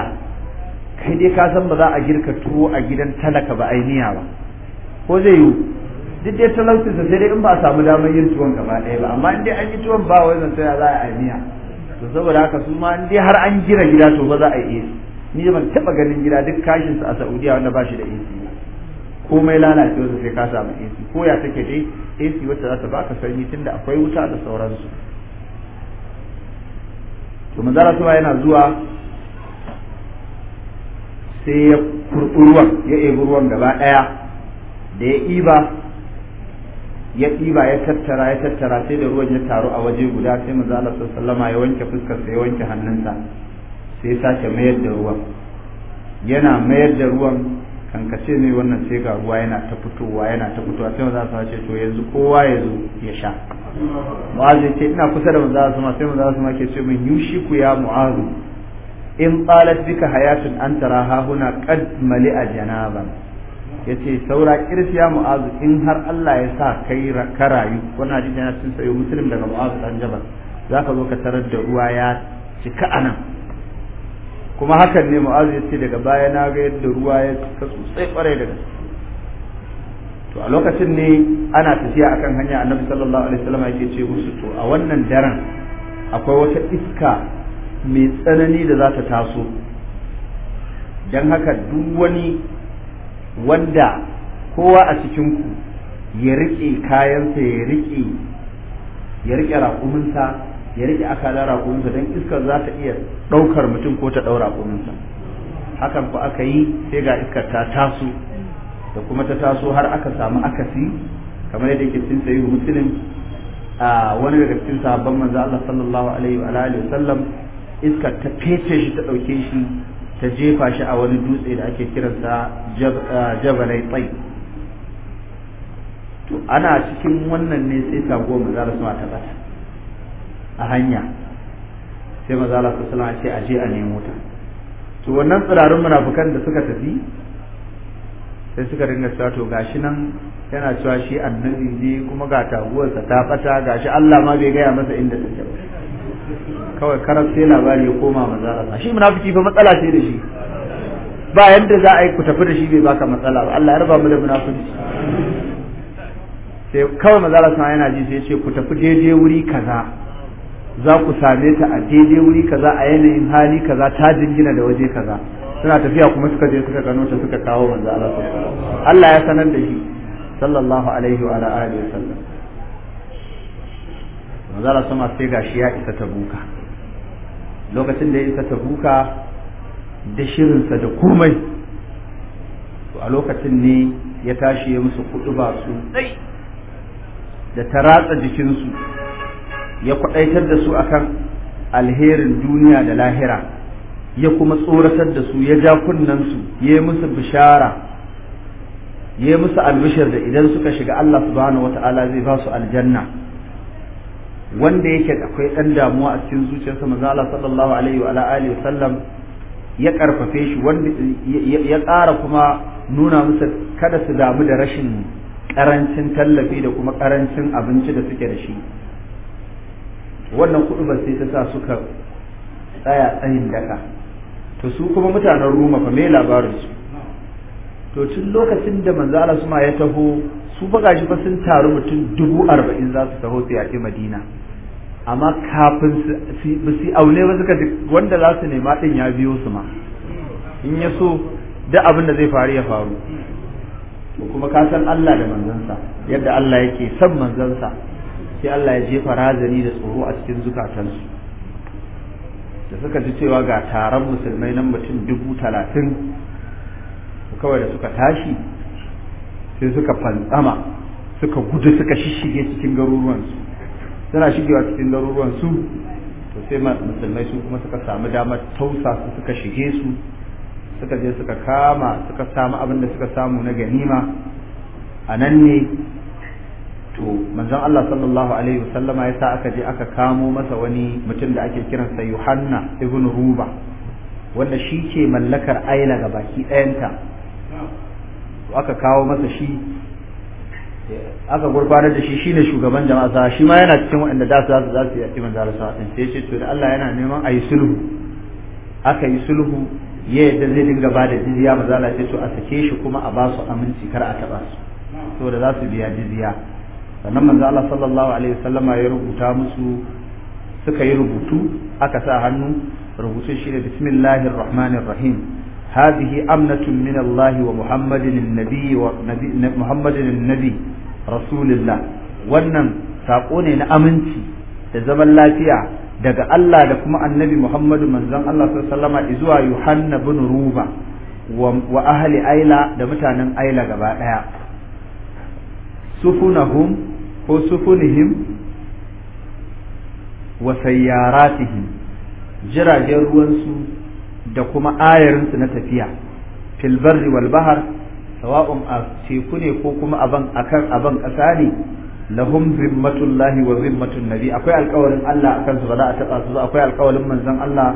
kai dai ka san ba za a girka tuwo a gidan talaka ba ainiya ba ko zai yiwu duk dai talaucin sai dai in ba a samu damar yin tuwon gaba ɗaya ba amma in dai an yi tuwon ba wai zan sai za a ainiya to saboda haka su ma in dai har an gina gida to ba za a yi ni ban taɓa ganin gida duk kashinsa a saudiya wanda ba shi da ac komai lalace wasu sai ka samu AC ko ya take dai AC wacce za ta baka sanyi tunda akwai wuta da sauransu to manzara suwa yana zuwa sai ya kurɓi ruwan ya ebi ruwan gaba ɗaya da ya ɗiba ya ɗiba ya tattara ya tattara sai da ruwan ya taru a waje guda sai manzo Allah sallama ya wanke fuskarsa ya wanke hannunsa sai ya sake mayar da ruwan yana mayar da ruwan kan ka ce wannan sai ga ruwa yana ta fitowa yana ta fitowa sai maza su ce to yanzu kowa ya zo ya sha mu'azu ce ina kusa da maza su ma sai maza su ma ke ce min yushi ku ya mu'azu in qalat bika hayatun an ha huna qad a janaban yace saura kirsi ya mu'azu in har Allah ya sa kai ka rayu wannan hadisi yana cikin sayo muslim daga mu'azu dan jabal zaka zo ka tarar da ruwa ya cika anan kuma hakan ne mu'azu ya ce daga baya na ga yadda ruwa ya ta sosai kwarai da gaske to a lokacin ne ana tafiya akan hanya annabi sallallahu alaihi wasallam yake ce musu to a wannan daren akwai wata iska mai tsanani da za ta taso dan haka duk wani wanda kowa a cikin ku ya riƙe kayansa ya riƙe ya rike raƙuminsa ya rike akala raƙuminsa don iskar za ta iya ɗaukar mutum ko ta ɗau raƙuminsa hakan ku aka yi sai ga iskar ta taso da kuma ta taso har aka samu akasi kamar yadda ke cikin sahihu musulun a wani daga cikin sahabban manzo Allah sallallahu alaihi wa alihi wasallam iskar ta fece shi ta ɗauke shi ta jefa shi a wani dutse da ake kiransa jabalai tsai to ana cikin wannan ne sai taguwar manzo Allah ta bata a hanya sai maza Allah su alaihi ce aje a nemo ta to wannan tsirarin munafukan da suka tafi sai suka dinga cewa to gashi nan yana cewa shi annabi ne kuma ga taguwarsa ta fata gashi Allah ma bai gaya masa inda take ba kawai karar sai labari ya koma maza Allah shi munafiki fa matsala ce da shi ba yadda za a yi ku tafi da shi bai baka matsala ba Allah ya raba mu da munafiki sai kawai maza Allah yana ji sai ya ce ku tafi daidai wuri kaza za ku same ta a daidai wuri kaza a yanayin hali kaza ta jingina da waje kaza suna tafiya kuma suka je suka gano ta suka kawo manzo Allah Allah ya sanar da shi sallallahu alaihi wa alihi wasallam manzo Allah sama sai gashi ya isa tabuka lokacin da ya isa tabuka da shirinsa da komai to a lokacin ne ya tashi ya musu kudu ba su da taratsa jikinsu ya kwadaitar da su akan alherin duniya da lahira ya kuma tsoratar da su ya ja kunnansu ya yi musu bishara ya yi musu albishir da idan suka shiga Allah subhanahu wata'ala zai ba su aljanna wanda yake akwai ɗan damuwa a cikin zuciyarsa manzo Allah sallallahu alaihi wa alihi wa sallam ya karfafe shi wanda ya ƙara kuma nuna musu kada su damu da rashin ƙarancin tallafi da kuma ƙarancin abinci da suke da shi wannan ba sai ta sa suka tsaya tsayin daka to su kuma mutanen roma fa me labarin su to tun lokacin da manzo Allah suma ya taho su fa gashi fa sun taru mutum dubu arba'in za su taho su yaƙi madina amma kafin su su aune ba suka ji wanda za su nema din ya biyo su ma in ya so da abin da zai faru ya faru kuma ka san Allah da manzansa yadda Allah yake san manzansa sai Allah ya jefa razani da tsoro a cikin zukatansu da suka ji cewa ga taron musulmai nan mutum dubu talatin kawai da suka tashi sai suka fantsama suka gudu suka shishige cikin garuruwansu suna shigewa cikin garuruwansu to sai musulmai su kuma suka samu damar tausa su suka shige su suka je suka kama suka samu abin da suka samu na ganima a nan ne to manzon Allah sallallahu alaihi wasallama ya sa aka je aka kamo masa wani mutum da ake kiransa Yohanna ibn Ruba wanda shi ke mallakar aila ga baki ɗayanta aka kawo masa shi aka gurfanar da shi shine shugaban jama'a shi ma yana cikin waɗanda da su za su yaki manzo Allah sallallahu alaihi to da Allah yana neman a yi sulhu aka yi sulhu ya yadda zai dinga ba da jizya manzo Allah sai to a sake shi kuma a ba su aminci kar a taba su saboda za su biya jizya sannan manzo Allah sallallahu alaihi wasallama ya rubuta musu suka yi rubutu aka sa hannu rubutun shi ne bismillahir rahmanir rahim هذه أمنة من الله ومحمد النبي ونبي محمد النبي رسول الله wannan saƙo ne na aminci da zaman lafiya daga Allah da kuma annabi Muhammadu manzon Allah sallama zuwa wa ahli Aila da mutanen Aila gaba ɗaya sufunahum ko sufunihim wa sayyaratihim jiragen ruwansu da kuma ayarinsu na tafiya fil walbahar, wal sawa'un a teku ne ko kuma aban akan aban ƙasa ne lahum zimmatullahi wa zimmatun nabi akwai alƙawarin Allah akan su ba za a taɓa su ba akwai alƙawarin manzon Allah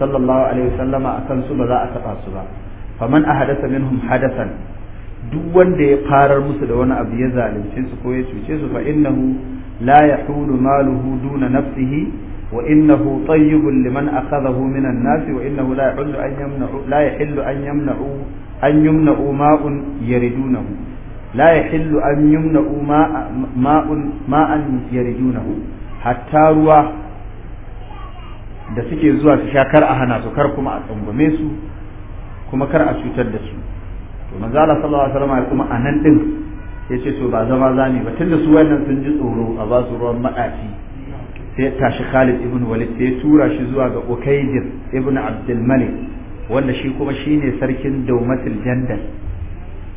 sallallahu alaihi wasallama akan su ba za a taɓa su ba faman ahadatha minhum hadathan duk wanda ya farar musu da wani abu ya zalunce su ko ya cuce su fa innahu la yahulu maluhu duna nafsihi wa innahu tayyibun liman akhadahu minan nasi wa innahu la yahillu an yamna'u la yahillu an yamna'u an yumna'u ma'un yaridunahu la yahillu an yumna'u ma'un ma'an yaridunahu hatta ruwa da suke zuwa su sha a hana su kar kuma a tsangwame su kuma kar a cutar da su manzo Allah sallallahu alaihi wasallam kuma a nan din yace to ba zama zami ba tunda su wannan sun ji tsoro a ba su ruwan madaci sai tashi Khalid ibn Walid sai tura shi zuwa ga Ukaidir ibn Abdul Malik wanda shi kuma shine sarkin Daumatul Jandal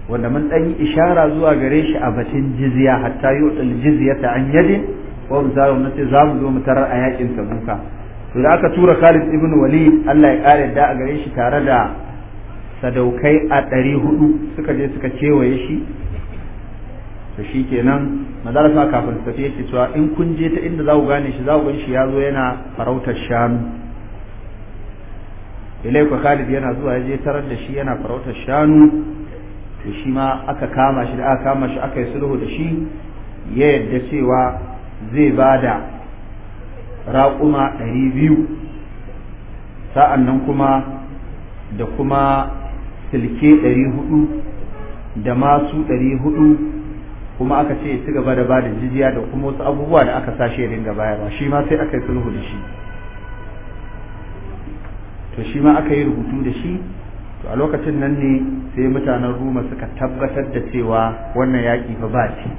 wanda mun dan yi ishara zuwa gare shi a batun jizya hatta yu'til jizyata an yadin wa musarum mu zo mu tarar a yakin tabuka to da aka tura Khalid ibn Walid Allah ya kare da a gare shi tare da sadaukai a ɗari hudu suka je suka kewaye shi to shi kenan manzala suna kafin su tafiye ce cewa in kun je ta inda za ku gane shi za ku shi ya zo yana farautar shanu ilaiku khalid yana zuwa ya je tarar da shi yana farautar shanu to shi ma aka kama shi da aka kama shi aka yi sulhu da shi ya yadda cewa zai ba da raƙuma ɗari biyu sa'an nan kuma da kuma silke ɗari hudu da masu ɗari hudu kuma aka ce ya ci gaba da ba da jijiya da kuma wasu abubuwa da aka sashe ya dinga bayarwa shi ma sai aka yi sulhu da shi to shi ma aka yi rubutu da shi to a lokacin nan ne sai mutanen ruma suka tabbatar da cewa wannan yaƙi fa ba ce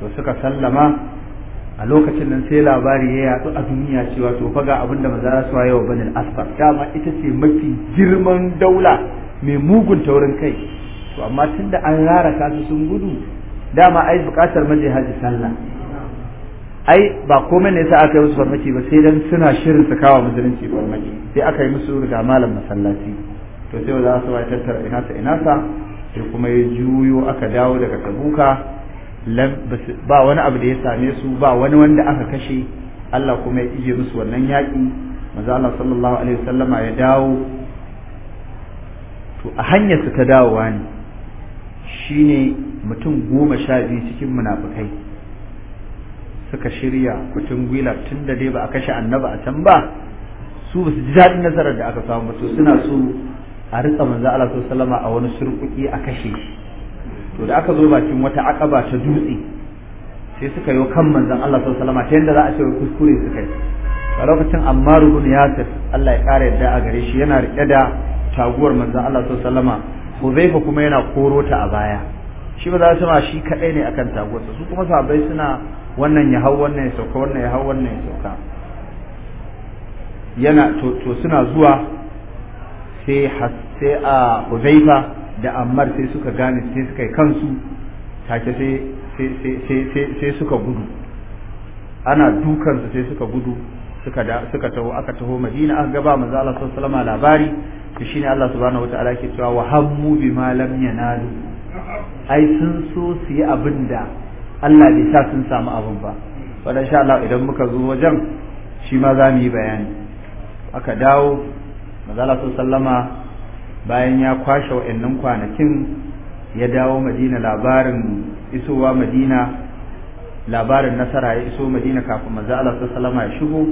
to suka sallama a lokacin nan sai labari ya yatsu a duniya cewa to fa ga da maza su waye wa banin asfar dama ita ce mafi girman daula mai mugun taurin kai to amma tunda an rara su sun gudu dama ai bukatar maje haji sallah ai ba komai ne yasa aka yi musu farmaki ba sai dan suna shirin su kawo musulunci farmaki sai aka yi musu riga malam masallaci to sai za su waye tattara ina sa ina sa sai kuma ya juyo aka dawo daga kabuka ba wani abu da ya same su ba wani wanda aka kashe Allah kuma ya ije musu wannan yaƙi manzo Allah sallallahu alaihi wasallama ya dawo to a hanyar su ta dawowa ne shine mutum goma sha biyu cikin munafukai suka shirya kutun gwila tun da dai ba a kashe annaba a can ba su ba su ji daɗin nasarar da aka samu ba to suna so a ritsa manzo Allah sallallahu alaihi wasallama a wani surkuki a kashe shi to da aka zo bakin wata akaba ta dutse sai suka yi kan manzon Allah sallallahu alaihi ta yadda za a ce kuskure suka yi a lokacin Ammar ibn Yasir Allah ya kare yadda a gare shi yana rike da taguwar manzon Allah sallallahu alaihi wasallam kuma yana koro ta a baya shi ba za su ma shi kadai ne akan taguwar su kuma sahabbai suna wannan ya hau wannan ya sauka wannan ya hau wannan ya sauka yana to suna zuwa sai a ah, Hudhayfa da ammar sai suka gane sai suka yi kansu take sai suka gudu ana dukansu sai suka gudu suka da suka taho aka taho Madina aka gaba manzo Allah sallallahu alaihi labari to shine Allah subhanahu wataala ke cewa wa hammu bima lam yanalu ai sun so su yi abin da Allah bai sa sun samu abin ba wanda insha Allah idan muka zo wajen shi ma za mu yi bayani aka dawo manzo Allah sallallahu bayan ya kwashe wa'annan kwanakin ya dawo madina labarin isowa madina labarin nasara ya iso madina kafin maza ta salama ya shigo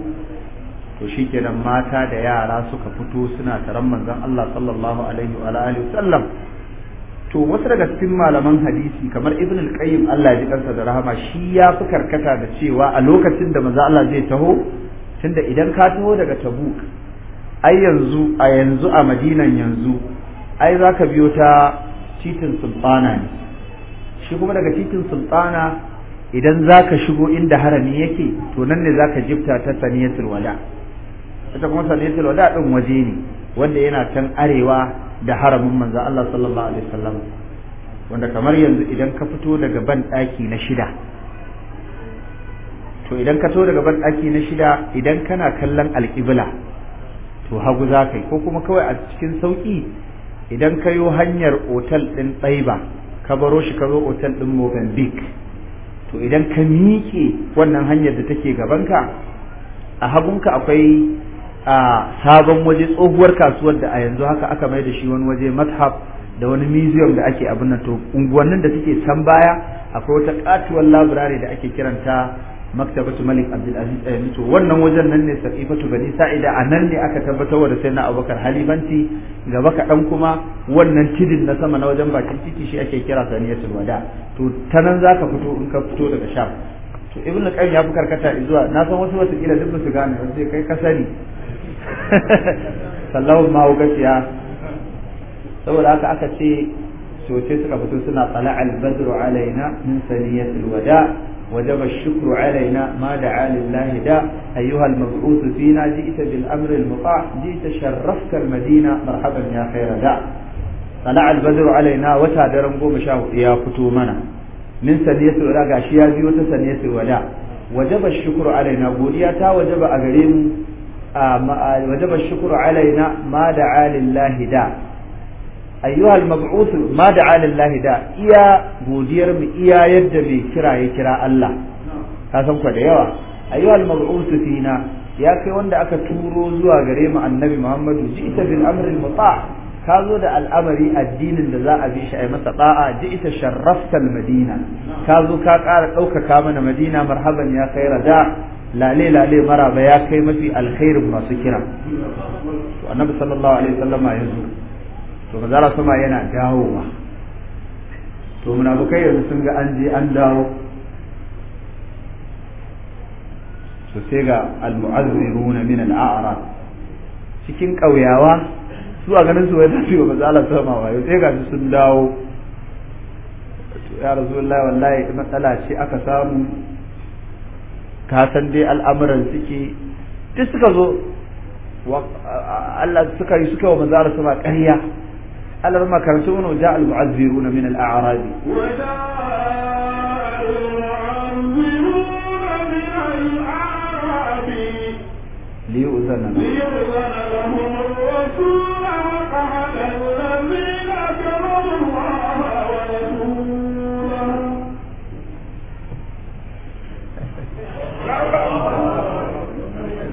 to shi kenan mata da yara suka fito suna taron manzon Allah sallallahu alaihi wa alihi sallam to wasu daga cikin malaman hadisi kamar ibn al-qayyim Allah ya ji kansa da rahama shi ya fi karkata da cewa a lokacin da maza Allah zai taho tunda idan ka taho daga tabuk ai yanzu a yanzu a madinan yanzu ai za ka biyo ta titin sultana ne shi kuma daga titin sultana idan za ka shigo inda harami yake to nan ne za ka jifta ta saniyatul wada ita kuma saniyatul wada ɗin waje ne wanda yana can arewa da haramin manzo Allah sallallahu alaihi wasallam wanda kamar yanzu idan ka fito daga ban daki na shida to idan ka to daga ban daki na shida idan kana kallon alƙibla to hagu za ka yi ko kuma kawai a cikin sauƙi idan ka yi hanyar otal ɗin ɗaiba ka baro shi ka zo otal ɗin mozambique to idan ka miƙe wannan hanyar da take gabanka a hagunka akwai a sabon waje tsohuwar kasuwar da a yanzu haka aka mai da shi wani waje mazhab da wani museum da ake abin nan to unguwannin da suke can baya akwai wata katuwar labirare da ake kiranta maktabatu malik abdul aziz eh to wannan wajen nan ne saqifatu bani sa'ida anan ne aka tabbatar da sayyidina abubakar halifanci gaba kaɗan kuma wannan tidin na sama na wajen bakin ciki shi ake kira saniyatul wada to ta nan zaka fito in ka fito daga sham to ibn qayyim ya fi karkata zuwa na san wasu wata kila duk su gane sai kai ka sani [laughs] sallahu ma saboda haka aka ce to sai suka fito suna tsala al-badru alaina min saniyatul wada وجب الشكر علينا ما دعا لله داء أيها المبعوث فينا جئت بالأمر المطاع جئت شرفت المدينة مرحبا يا خير داء طلع البدر علينا وتادر قوم شاو يا فتومنا من سنية الأولى غاشيا بيوت سنية الوداع وجب الشكر علينا قولياتا وجب أغريم وجب الشكر علينا ما دعا لله داء ayyuhal mab'usu ma da'a lillahi da iya godiyar mu iya yadda mai kira ya kira Allah ka san yawa ayyuhal mab'usu fina ya kai wanda aka turo zuwa gare mu annabi Muhammadu ji'ta bil amri muta ka zo da al'amari addinin da za a bi shi a masa da'a ji'ta sharrafta madina ka zo ka kara ɗaukaka mana madina marhaban ya kai da lale lale maraba ya kai mafi alkhairin masu kira to annabi sallallahu alaihi wasallama ya zo to manzara sama yana dawowa to munafukai yanzu sun ga an je an dawo su sai ga runa min al'a'ra cikin ƙauyawa su a ganin su wai zafi ba za sama wa yau sai ga su sun dawo ya rasulullahi wallahi matsala ce aka samu ka san dai al'amuran suke duk suka zo Allah suka yi suka wa manzara sama ƙarya ألا ما كرتون وجاء المعذرون من الأعراب ليؤذن لهم الرسول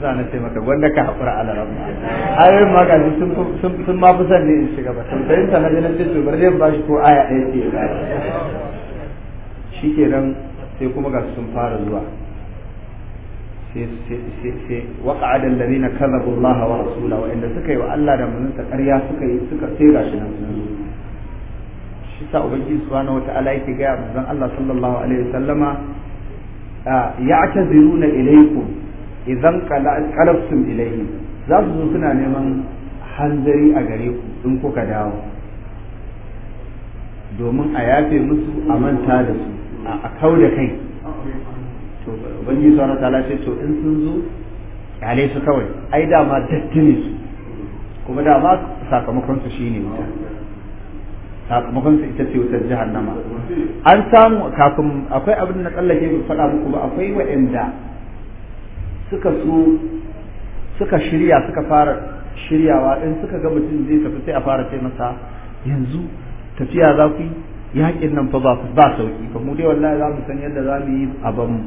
sa na ce maka wanda ka haƙura ala rabba ayoyin ma sun ma fi san ne in shiga ba tambayin sa na nan cikin bar zai ba shi ko aya ɗaya ce ya shi nan sai kuma ga sun fara zuwa sai waƙa adal lari na kazabu Allah wa rasula wa'inda suka yi wa Allah da mununta ƙarya suka yi suka sai shi nan sun zo shi sa ubangiji subhanahu wata'ala yake ga manzon Allah sallallahu alaihi wasallama ya'taziruna ilaykum idan qalabtum ilayhi za su zo suna neman hanzari a gare ku in kuka dawo domin a yafe musu a manta da su a kau da kai to yi sauran ta ce to in sun zo kyale su kawai ai dama dattini su kuma dama sakamakon su shine wuta sakamakon su ita ce wutar jihar nama an samu kafin akwai abin na tsallake faɗa muku ba akwai waɗanda suka so suka shirya suka fara shiryawa in suka ga mutum zai tafi sai a fara sai masa yanzu tafiya za ku yi yakin nan fa ba sauki ba mu dai wallahi za mu san yadda za mu yi a ban mu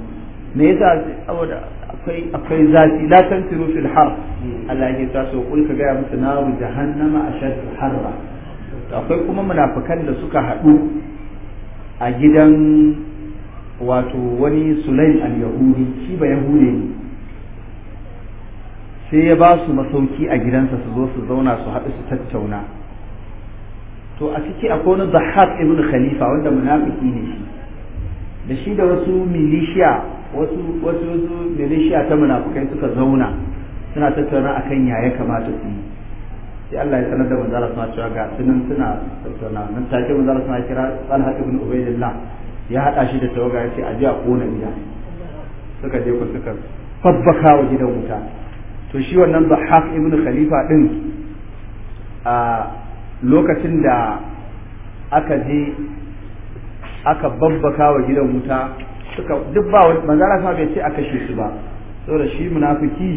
me yasa saboda akwai akwai zafi la tantiru fil har Allah ya ta so kun ka ga musu naru jahannama ashad harra akwai kuma munafikan da suka haɗu a gidan wato wani Sulaim al-Yahudi shi ba Yahudi ne sai ya ba su masauki a gidansa su zo su zauna su haɗu su tattauna to a ciki akwai wani zahab ibn khalifa wanda munafiki ne shi da shi da wasu milishiya wasu wasu milishiya ta munafikai suka zauna suna tattauna akan yaya kamata su yi sai Allah ya sanar da manzara suna cewa ga sunan suna tattauna nan take manzara suna kira Talha ibn Ubaydillah ya hada shi da tawaga ya ce a je a kona gida suka je ku suka fabbaka wa gidan wuta to shi wannan Dhahhak ibn Khalifa din a lokacin da aka je aka babbaka wa gidan wuta suka duk ba wani manzara sa bai ce aka kashe su ba saboda shi munafiki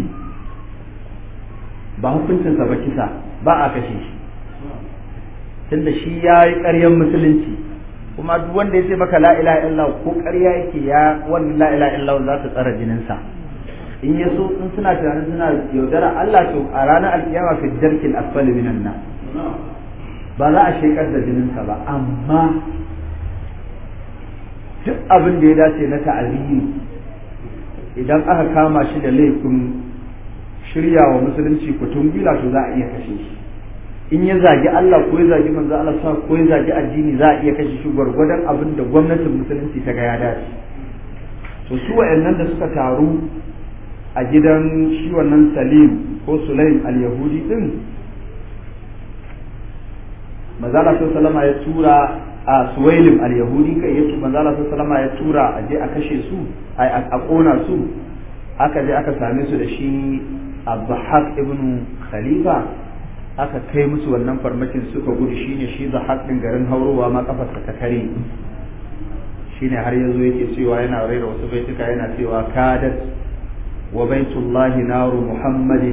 ba hukuncinsa ba kisa ba a kashe tunda shi ya yi ƙaryan musulunci kuma duk wanda ya ce maka la ilaha illallah ko ƙarya yake ya wannan la ilaha illallah za ta tsara jininsa in ya so in suna tunanin suna yaudara Allah to a ranar alkiyama fi jarkin asfali minan nan ba za a shekar da jininsa ba amma duk abin da ya dace na ta'aziri idan aka kama shi da laifin shirya wa musulunci kutun gila to za a iya kashe shi in ya zagi Allah ko ya zagi manzo Allah sa ko ya zagi addini za a iya kashe shi gwargwadon abin da gwamnatin musulunci ta ga ya dace to su wa'annan da suka taru a gidan shi wannan salim ko sulaim al-yahudi din manzala sallama ya tura a suwailim al-yahudi kai yace manzala sallama ya tura a je a kashe su a kona su aka je aka same su da shi abdahak ibn khalifa aka kai musu wannan farmakin suka gudu shine shi da din garin haurowa ma kafar ta kare shine har yanzu yake cewa yana raira wasu baituka yana cewa kadat وبيت الله نار محمد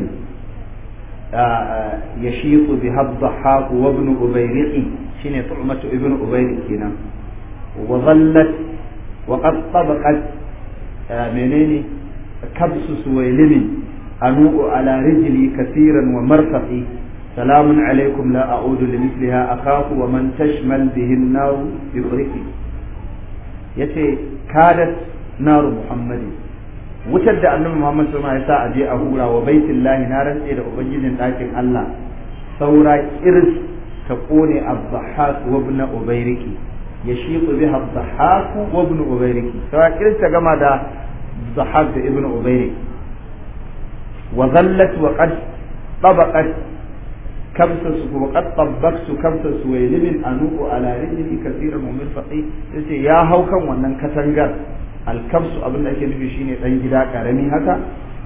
يشيط بها الضحاك وابن أبيرق شين طعمة ابن أبيرق هنا وظلت وقد طبقت منين كبس سويلم أنوء على رجلي كثيرا ومرفقي سلام عليكم لا أعود لمثلها أخاف ومن تشمل به النار يغرقي يتي كادت نار محمد wutar da annabi Muhammad sallallahu alaihi wasallam ya sa aje a hura wa baitullahi na rantse da ubangijin ɗakin Allah saura iris ta kone abdahak wa ibn ubayriki ya shiqu biha abdahak wa ibn ubayriki saura iris ta gama da abdahak da ibn ubayriki wa zallat wa qad tabaqat kamsasu wa qad tabbaktu kamsasu wa yalimin anuqu ala rijli kaseeran min faqi yace ya haukan wannan katangar alkamsu abin da ake nufi shine dan gida karami haka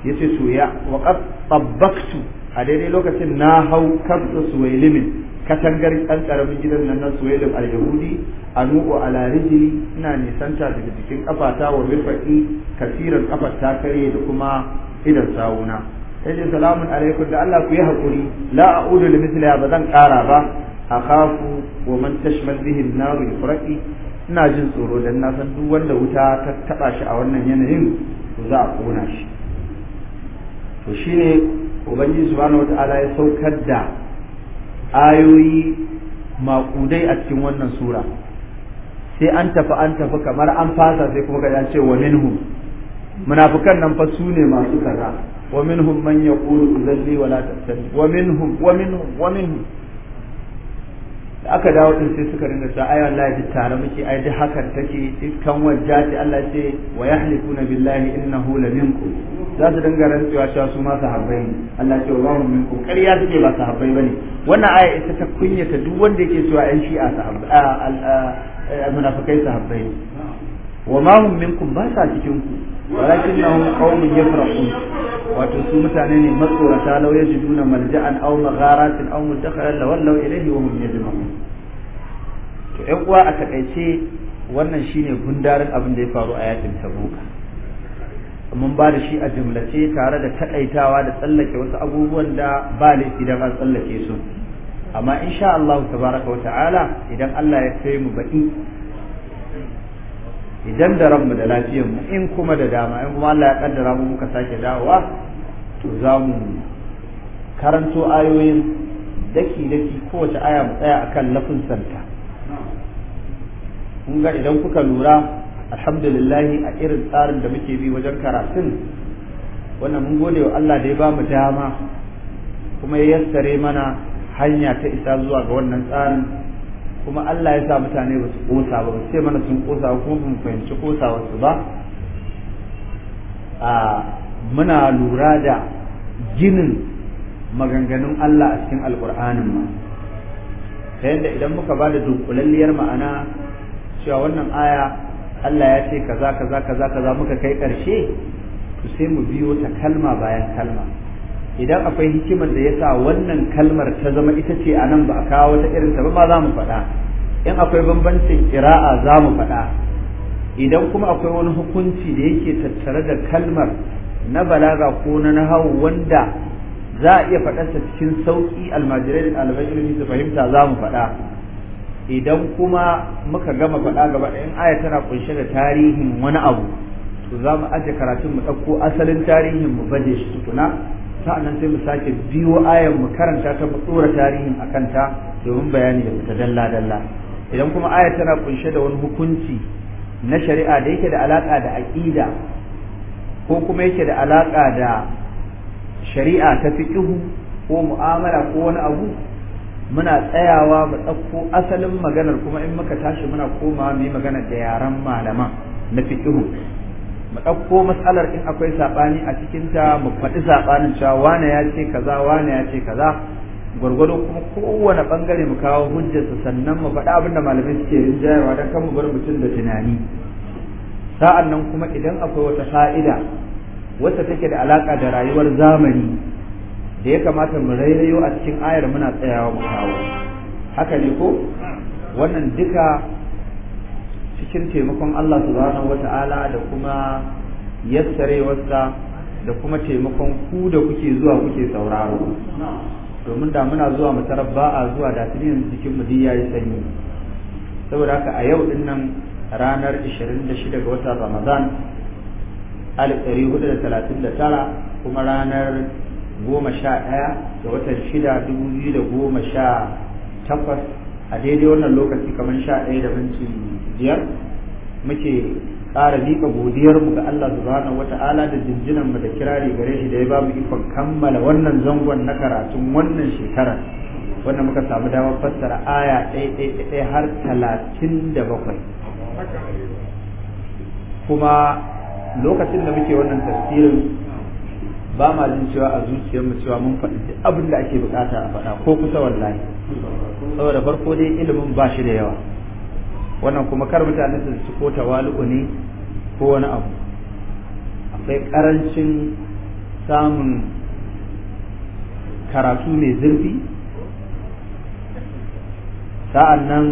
yace soya ya qad tabbaktu a daidai lokacin na hau kamsa suwailimin katangar ɗan ƙaramin gidan nan na suwailim al-yahudi anu'u ala ina nisanta daga jikin ƙafata wa mirfaɗi kasiran ƙafar ta karye da kuma idan sawuna yace salamun alaikum da Allah ku yi hakuri la a'udu li mithliha ba zan ƙara ba akhafu wa man tashmal bihi an-nar ina jin tsoro dan na san duk wanda wuta ta taba shi a wannan yanayin to za a kona shi to shine ubangiji subhanahu wataala ya saukar da ayoyi maƙudai a cikin wannan sura sai an tafi an tafi kamar an fasa sai kuma kaji an ce wa minhum munafikan nan fa su ne masu kaza wa minhum man yaqulu wa la tasalli wa minhum wa minhum wa minhum da aka dawo din sai suka rinda sa ai wallahi duk tare muke ai duk hakan take dukkan wajja ce Allah ce wa yahlikuna billahi innahu la minkum za su dinga rantsuwa cewa su ma sahabbai ne Allah ce wa hum minkum ƙarya take ba sahabbai bane wannan aya ita ta kunyata duk wanda yake cewa ai a sahabbai munafikai sahabbai wa ma hum minkum ba sa cikin ku walakinnahu qaumun yafrahun wato su mutane ne matsorata law yajiduna malja'an aw magharatin aw muntakhalan lawallaw ilayhi wa hum yajma'un to yan uwa a takaice wannan shine gundarin abin da ya faru a yakin tabuka mun ba da shi a jumlace tare da takaitawa da tsallake wasu abubuwan da ba laifi da an tsallake su amma in sha Allah tabaraka wa idan Allah ya kai mu baƙi. idan da ranmu da lafiyar mu in kuma da dama in kuma Allah ya kaddara mu muka sake dawowa to za mu karanto ayoyin daki daki kowace aya mu tsaya akan lafin santa kun ga idan kuka lura alhamdulillah a irin tsarin da muke bi wajen karatun wannan mun gode wa Allah da ya ba mu dama kuma ya yassare mana hanya ta isa zuwa ga wannan tsarin kuma Allah ya sa mutane ba su kosa ba sai mana sun kosa ko mun fahimci kosa wasu ba a muna lura da ginin maganganun Allah a cikin alkur'anin ma ta yadda idan muka ba da dunkulalliyar ma'ana cewa wannan aya Allah ya ce kaza kaza kaza kaza muka kai ƙarshe to sai mu biyo ta kalma bayan kalma idan akwai hikimar da ya sa wannan kalmar ta zama ita ce a nan ba a kawo wata irin ta ba za mu faɗa in akwai bambancin ƙira'a za mu faɗa idan kuma akwai wani hukunci da yake tattare da kalmar na balaga ko na nahawu wanda za a iya faɗarsa cikin sauƙi almajirai da ɗaliban ilimi su fahimta za mu faɗa idan kuma muka gama faɗa gaba in aya tana kunshe da tarihin wani abu to za mu aje karatun mu ɗauko asalin tarihin mu baje shi tukuna sa'annan sai mu sake biyo ayar mu karanta ta mu tsora tarihin a kanta, domin bayani da ta dalla dalla idan kuma ayar tana kunshe da wani hukunci na shari'a da yake da alaƙa da aƙida, ko kuma yake da alaƙa da shari'a ta fiƙihu ko mu'amala ko wani abu muna tsayawa mu ɗauko asalin maganar kuma in muka tashi muna komawa mu yi maganar da yaren malaman na fiƙihu. mu ɗauko matsalar in akwai saɓani a cikinta mu faɗi saɓanin cewa wane ya ce kaza wane ya ce kaza gwargwado kuma kowane ɓangare mu kawo hujjarsa sannan mu faɗi abin malamai suke rinjayarwa don kan mu bar mutum da tunani sa'an nan kuma idan akwai wata fa'ida wacce take da alaƙa da rayuwar zamani da ya kamata mu rairayo a cikin ayar muna tsayawa mu kawo haka ne ko wannan duka cikin taimakon Allah subhanahu wa ta'ala da kuma yassarewarsa da kuma taimakon ku da kuke zuwa kuke sauraro domin da muna zuwa masarar ba a zuwa da tuni jikin mu ya yi sanyi saboda haka a yau din nan ranar 26 ga wata Ramadan 439 kuma ranar 11 ga watan 6 2018 a daidai wannan lokaci kamar 11 da minti biyar muke ƙara miƙa godiyarmu ga Allah subhanahu wata'ala da jinjinan mu da kirari gare shi da ya ba mu ikon kammala wannan zangon na karatun wannan shekarar wanda muka samu damar fassara aya ɗaya ɗaya ɗaya har talatin da bakwai kuma lokacin da muke wannan tafsirin ba ma jin cewa a mu cewa mun faɗi abin da ake bukata a faɗa ko kusa wallahi saboda farko dai ilimin ba shi da yawa wannan kuma kar mutane su ci ko tawalu'u ne ko wani abu akwai karancin samun karatu mai zurfi sa'an nan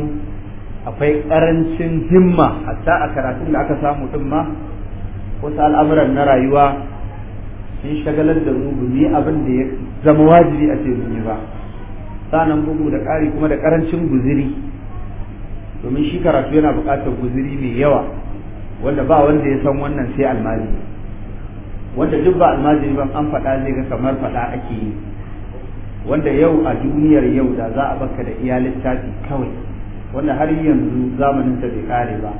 akwai karancin himma hatta a karatun da aka samu din ma wasu al'amuran na rayuwa sun shagalar da mu mu abin da ya zama wajibi a ce ba sa'an bugu da ƙari kuma da karancin guziri domin shi karatu yana buƙatar guziri mai yawa wanda ba wanda ya san wannan sai almajiri wanda duk ba almajiri ba an faɗa zai ga kamar faɗa ake yi wanda yau a duniyar yau da za a baka da iya littafi kawai wanda har yanzu zamanin ta bai kare ba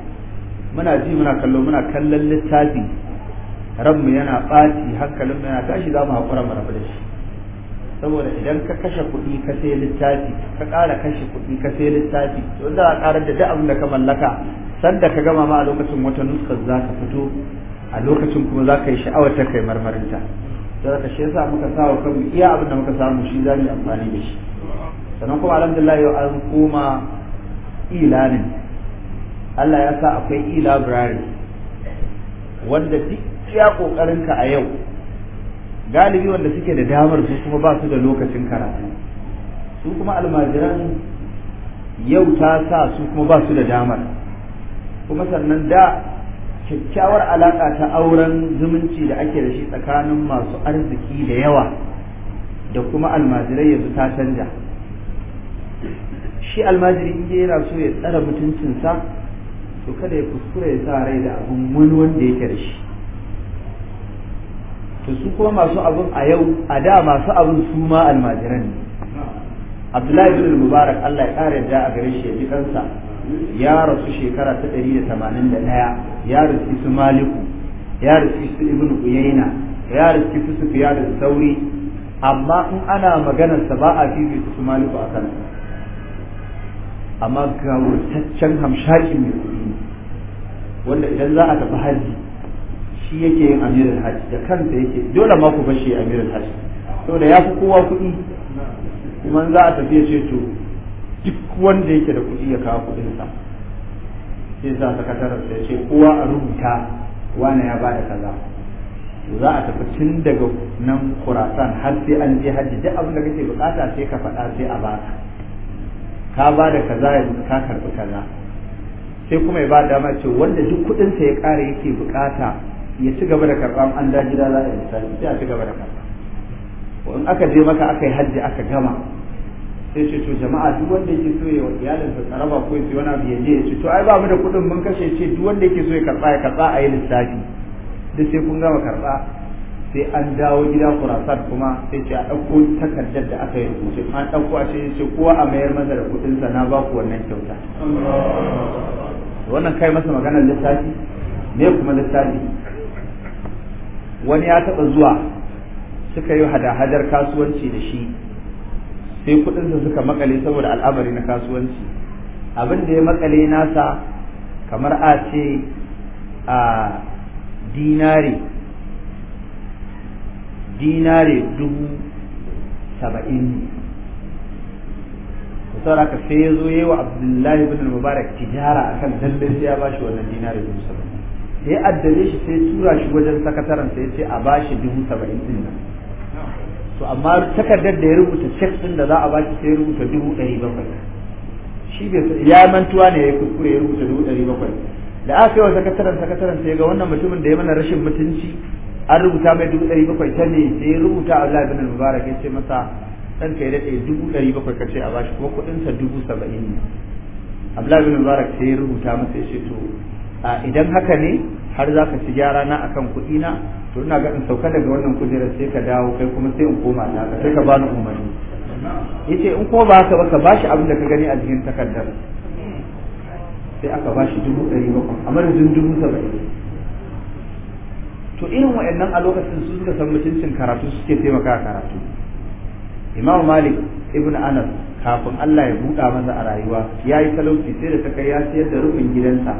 muna ji muna kallo muna kallon littafi ranmu yana ɓaci hankalinmu yana tashi za mu haƙura mu rabu da shi saboda idan ka kashe kuɗi ka sai littafi ka ƙara kashe kuɗi ka sai littafi to za a ƙara da duk abin da ka mallaka sanda ka gama ma a lokacin wata nuskar za ka fito a lokacin kuma za ka yi sha'awar ta kai marmarinta to da shi yasa muka sa wa kanmu iya abin da muka samu shi za mu yi amfani da shi sannan kuma alhamdulillah yau an koma ilanin Allah ya sa akwai e-library wanda duk iya ƙoƙarinka a yau galibi wanda suke da damar su kuma ba su da lokacin karatu su kuma almajiran yau ta sa su kuma ba su da damar kuma sannan da kyakkyawar alaƙa ta auren zumunci da ake da shi tsakanin masu arziki da yawa da kuma almajirai yanzu ta canja shi almajiri inda yana so ya tsara mutuncinsa to kada ya kuskura ya sa rai da abin wani wanda yake da shi to su kuma masu abun a yau a da masu abun su ma almajiran ne abdullahi bin mubarak allah ya kara da a gare shi ya ji kansa ya rasu shekara ta ɗari da tamanin da ɗaya ya rasu su maliku ya rasu su ibn uyaina ya rasu su sufiya da sauri amma in ana maganarsa ba a fifi su maliku a kan amma gawurtaccen hamshakin mai kuɗi wanda idan za a tafi hajji shi yake yin amirin haji da kanta yake dole ma ku bashi amirin haji saboda ya fi kowa kuɗi kuma za a tafiya ce to duk wanda yake da kuɗi ya kawo kuɗinsa sai sa sakatarar da ce kowa a rubuta wani ya bada kaza za a tafi tun daga nan kurasan har sai an je hajji duk abin da kake bukata sai ka faɗa sai a baka ka bada kaza yanzu ka karɓi kaza sai kuma ya ba dama ce wanda duk kuɗinsa ya ƙara yake bukata ya ci gaba da karɓa an da gida za a yi misali sai a ci gaba da karɓa in aka je maka aka yi hajji aka gama sai ce to jama'a duk wanda yake so ya iyalinsa tsaraba ko ya wani abu ya je ya ce to ai ba mu da kuɗin mun kashe ce duk wanda yake so ya karɓa ya karɓa a yi lissafi duk sai kun gama karɓa sai an dawo gida kurasar kuma sai ce a ɗauko takardar da aka yi rubuce an ɗauko a ce ce kowa a mayar masa da kuɗinsa na ba ku wannan kyauta wannan kai masa maganar lissafi me kuma lissafi wani ya taɓa zuwa suka yi hada-hadar kasuwanci da shi sai kuɗinsa suka makale saboda al'amari na kasuwanci abin da ya makale nasa kamar a ce a dinare dinare dubu saba'in ne saboda ka sai ya zo yi wa abdullahi bin mubarak tijara akan lallai sai ya bashi wannan dinare dubu saba'in sai addare shi sai tura shi wajen sakataren sai ce a bashi dubu saba'in din nan to amma takardar da ya rubuta cek din da za a bashi sai ya rubuta dubu ɗari bakwai shi bai ya mantuwa ne ya kuskure ya rubuta dubu ɗari bakwai da aka yi wa sakataren sakataren sai ga wannan mutumin da ya mana rashin mutunci an rubuta mai dubu ɗari bakwai ta ne sai ya rubuta a bin na mubarak ya ce masa dan yi daɗe dubu ɗari bakwai ka ce a bashi kuma kuɗinsa dubu saba'in ne Abdullahi bin Mubarak sai ya rubuta masa ya ce to A idan haka ne har za ka ci gyara na kan kuɗi na to ina ga in sauka daga wannan kujerar sai ka dawo kai kuma sai in koma na ka sai ka bani umarni yace in ko ba haka ba ka bashi abin da ka gani a jikin takardar sai aka bashi dubu ɗari bakwai a madadin dubu saba'in to irin wa'annan a lokacin su suka san mutuncin karatu suke taimaka karatu imam malik ibn anas kafin allah ya buɗa maza a rayuwa ya yi talauci sai da ta kai ya siyar da rufin gidansa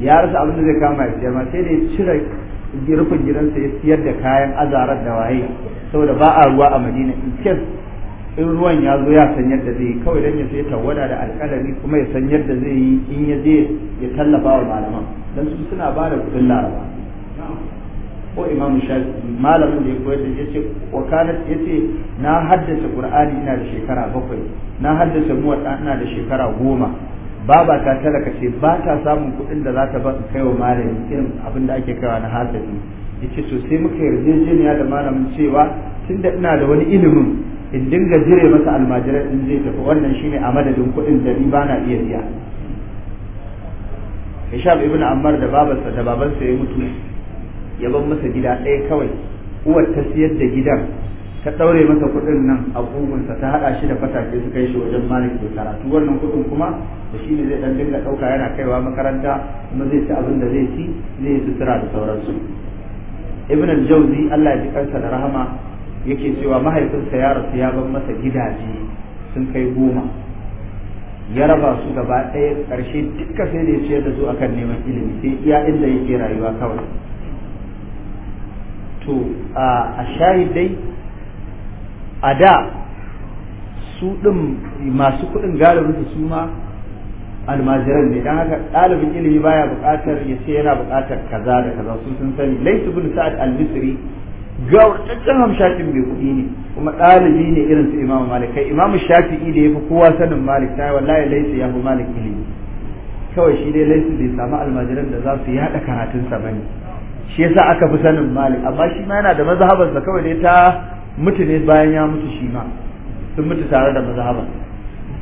ya rasa abin da zai kama ya siyar ma sai da ya cire rufin gidansa ya siyar da kayan azarar da waye saboda ba a ruwa a madina in in ruwan ya zo ya san yadda zai yi kawai dan ya sai tawada da alƙalami kuma ya san yadda zai yi in ya je ya tallafa wa malaman dan su suna ba da kudin laraba ko imamu shafi malamin da ya koyar da yace wa kana yace na haddace qur'ani ina da shekara bakwai na haddace muwatta ina da shekara goma baba ta talaka ce ba ta samun kuɗin da za ta ba kai wa malami irin abin da ake kaiwa na hasafi yace to sai muka yarjejeniya da malamin cewa tunda ina da wani ilimin in dinga jire masa almajirai in zai tafi wannan shine a madadin kuɗin da ni bana iya biya Hisham ibn Ammar da babarsa da babansa ya mutu ya bar masa gida ɗaya kawai uwar ta siyar da gidan ka ɗaure masa kuɗin nan a ƙugunsa ta haɗa shi da fatake su kai shi wajen malik da karatu wannan kuɗin kuma da shi ne zai ɗan dinga ɗauka yana kaiwa makaranta kuma zai ci abin da zai ci zai yi sutura da sauransu ibn al Allah ya ji kansa da rahama yake cewa mahaifinsa ya rasu ya bar masa gidaje sun kai goma ya raba su gaba ɗaya ƙarshe duka sai da ya ciyar da su akan neman ilimi sai iya inda yake rayuwa kawai to a shahidai dai a da su ɗin masu kuɗin galibin su ma almajiran ne don haka ɗalibin ilimi baya buƙatar ya ce yana buƙatar kaza da kaza su sun sani laisu bin sa'ad al-misri ga wancan hamshakin mai kuɗi ne kuma ɗalibi ne irin su imamu malik kai imamu shafi'i da ya fi kowa sanin malik ta wallahi laisu ya fi malik ilimi kawai shi dai laisu bai samu almajiran da za su yaɗa karatunsa ba ne shi yasa aka fi sanin malik amma shi ma yana da mazhabarsa kawai dai ta mutu ne bayan ya mutu shi ma sun mutu tare da mazhaban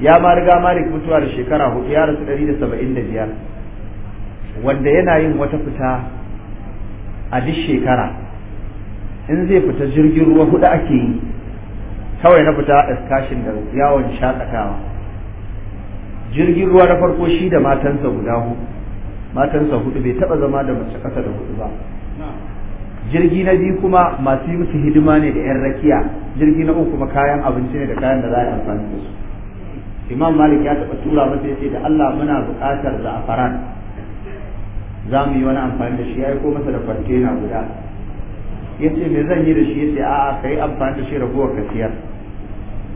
ya ma riga malik mutuwa da shekara hudu ya rasu ɗari da saba'in da biyar wanda yana yin wata fita a duk shekara in zai fita jirgin ruwa hudu ake yi kawai na fita excursion da yawon shakatawa jirgin ruwa na farko shi da matansa guda hudu matansa hudu bai taɓa zama da mace ƙasa da hudu ba jirgi na biyu kuma masu yi musu hidima ne da 'yan rakiya jirgi na uku kuma kayan abinci ne da kayan da za a yi amfani da su imam malik ya taɓa tura masa ya ce da allah muna buƙatar za'afaran za mu yi wani amfani da shi ya yi ko masa da kwantena guda ya ce me zan yi da shi ya ce a'a ka yi amfani da shi raguwar ka siyar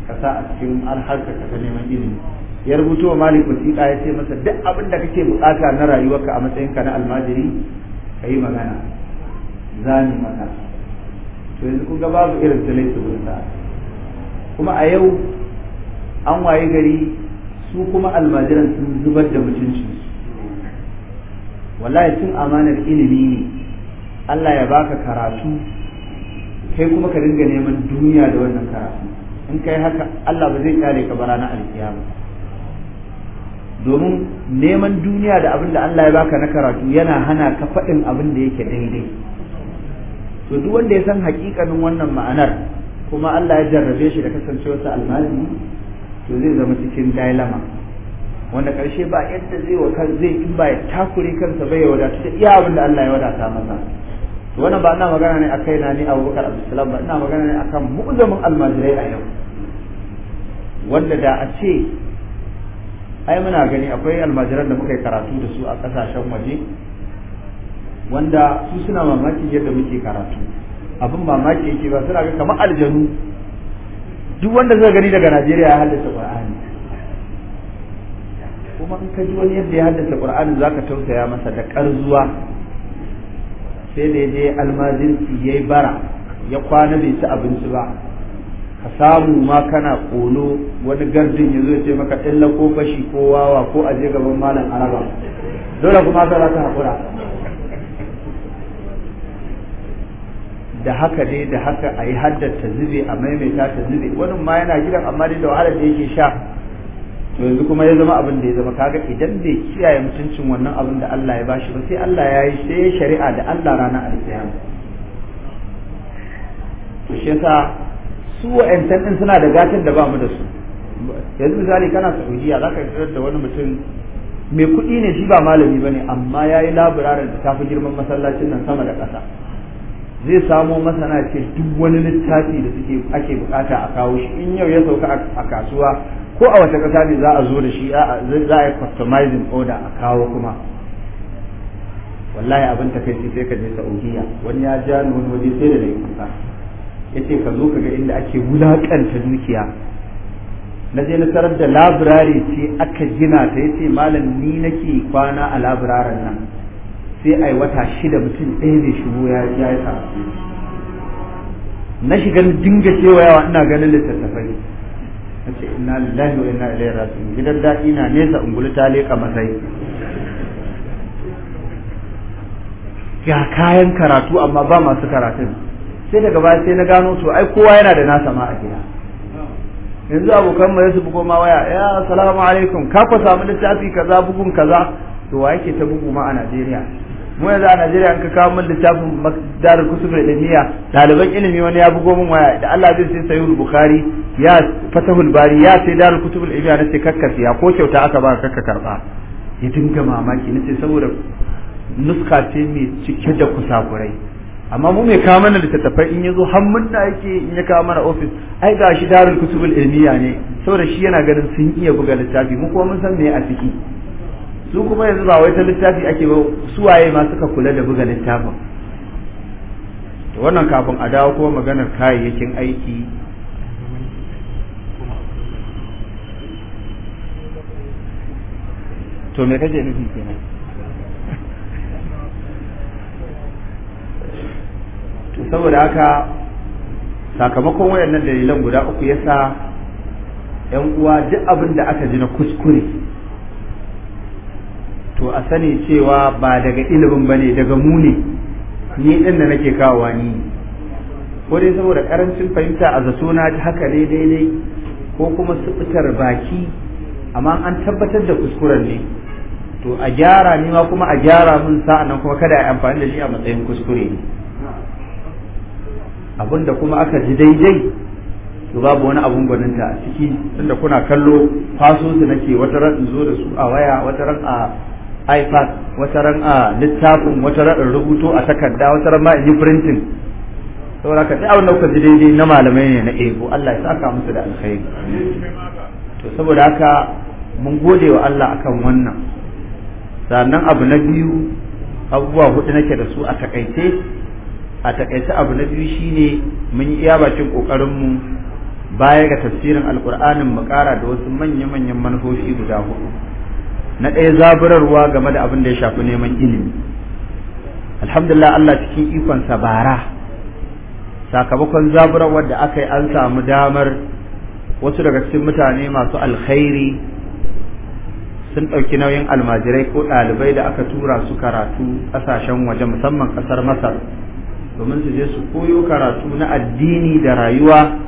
ka sa a cikin alharka ka ta neman ilimi ya rubuto wa malik wasiƙa ya ce masa duk abin da kake buƙata na rayuwarka a matsayinka na almajiri ka yi magana zani maka to yanzu kun ga babu irin ta laisa bursa kuma a yau an waye gari su kuma almajiran sun zubar da mutuncin wallahi sun amanar ilimi ne Allah ya baka karatu kai kuma ka dinga neman duniya da wannan karatu in kai haka Allah ba zai kare ka ba ranar alkiyama domin neman duniya da abin da Allah ya baka na karatu yana hana ka faɗin abin da yake daidai to duk wanda ya san hakikanin wannan ma'anar kuma Allah ya jarrabe shi da kasancewarsa almalimi to zai zama cikin dilemma wanda karshe ba yadda zai wa kan zai in ba ya takure kansa bai ya wadata ta iya abin da Allah ya wadata masa to wannan ba ina magana ne akai na ni Abubakar Abdulsalam ba ina magana ne akan mu'zamin almajirai a yau wanda da a ce ai muna gani akwai almajiran da muka yi karatu da su a kasashen waje wanda su suna mamaki yadda muke karatu abin mamaki yake ba suna ga kamar aljanu duk wanda zai gani daga Najeriya ya haddace Qur'ani kuma in ka ji wani yadda ya haddace Qur'ani zaka tausaya masa da karzuwa sai da dai almajirci yayi bara ya kwana bai ci abinci ba ka samu ma kana kono wani gardin ya zo ce maka illa ko fashi ko wawa ko aje gaban malam araba dole kuma za ka hakura da haka dai da haka a yi haddar ta zube a maimaita ta zube wani ma yana gidan amma dai da wahalar da yake sha to yanzu kuma ya zama abin da ya zama kaga idan bai kiyaye mutuncin wannan abin da Allah ya bashi ba sai Allah ya yi sai shari'a da Allah rana alkiyama to shi yasa su wa'ancan din suna da gatan da ba mu da su yanzu misali kana Saudiya zaka tarar da wani mutum mai kuɗi ne shi ba malami ba ne amma yayi labirarin da tafi girman masallacin nan sama da ƙasa zai samo masana ce duk wani littafi da suke ake bukata a kawo shi in yau ya sauka a kasuwa ko a wata kasa ne za a zo da shi za a yi customizing order a kawo kuma wallahi abin ta kai sai ka je wani ya ja wani waje sai da dai kuka yace ka zo ka ga inda ake wulakanta dukiya na je na tarar da labirare ce aka gina ta yace malam ni nake kwana a labiraren nan sai a yi wata shida mutum ɗaya zai shigo ya yi karatu na shiga dinga yawa ina ganin littattafai na ce ina lillahi wa ina ilaihi rasu gidan daɗi na nesa ungulu ta leƙa masai ga kayan karatu amma ba masu karatun sai daga baya sai na gano to ai kowa yana da nasa ma a gida yanzu abokan mu su bugo ma waya ya assalamu alaikum ka fa samu littafi kaza bugun kaza to wa yake ta bugu ma a Najeriya mu yanzu a Najeriya an ka kawo min littafin Darul Kutub Ilmiya daliban ilimi wani ya bugo min waya da Allah zai sai Sahihul Bukhari ya Fatahul Bari ya sai Darul Kutub Ilmiya nace kakka ya ko kyauta aka ba kakka karba ya dinga mamaki nace saboda nuska ce mai cike da kusakurai amma mu mai kawo mana littattafai in yazo har mun da yake in ya kawo mana ofis ai shi Darul Kutub Ilmiya ne saboda shi yana ganin sun iya buga littafi mu kuma mun san me a ciki su kuma yanzu ba wai ta littafi ake ba su waye ma suka kula da buga littafin wannan kafin a dawo kuma maganar kayayyakin aiki to me kaje nufi kenan to saboda haka sakamakon wayannan dalilan guda uku yasa yan uwa duk abin da aka ji na kuskure to a sani cewa ba daga ilimin bane daga mu ne ni din da nake kawowa ni ko dai saboda karancin fahimta a zato na haka ne daidai ko kuma fitar baki amma an tabbatar da kuskuren ne to a gyara ni ma kuma a gyara mun sa'an nan kuma kada a amfani da shi a matsayin kuskure ne abinda kuma aka ji daidai to babu wani abun gwaninta a ciki tunda kuna kallo faso su nake wata ran zo da su a waya wata ran a ipad wata ran a littafin wata ran rubuto a takarda wata ran ma in yi printing saboda ka abin da kuka ji daidai na malamai ne na ego Allah ya saka musu da alkhairi to saboda haka mun gode wa Allah akan wannan sannan abu na biyu abubuwa hudu nake da su a takaice a takaice abu na biyu shine mun yi iya bakin kokarin mu baya ga tafsirin alkur'anin mu kara da wasu manya-manyan manufofi guda hudu na ɗaya zaburarwa game da abin da ya shafi neman ilimi alhamdulillah Allah cikin ikonsa bara sakamakon zaburarwar da aka yi an samu damar wasu daga cikin mutane masu alkhairi sun ɗauki nauyin almajirai ko ɗalibai da aka tura su karatu ƙasashen waje musamman ƙasar masar domin su je su koyo karatu na addini da rayuwa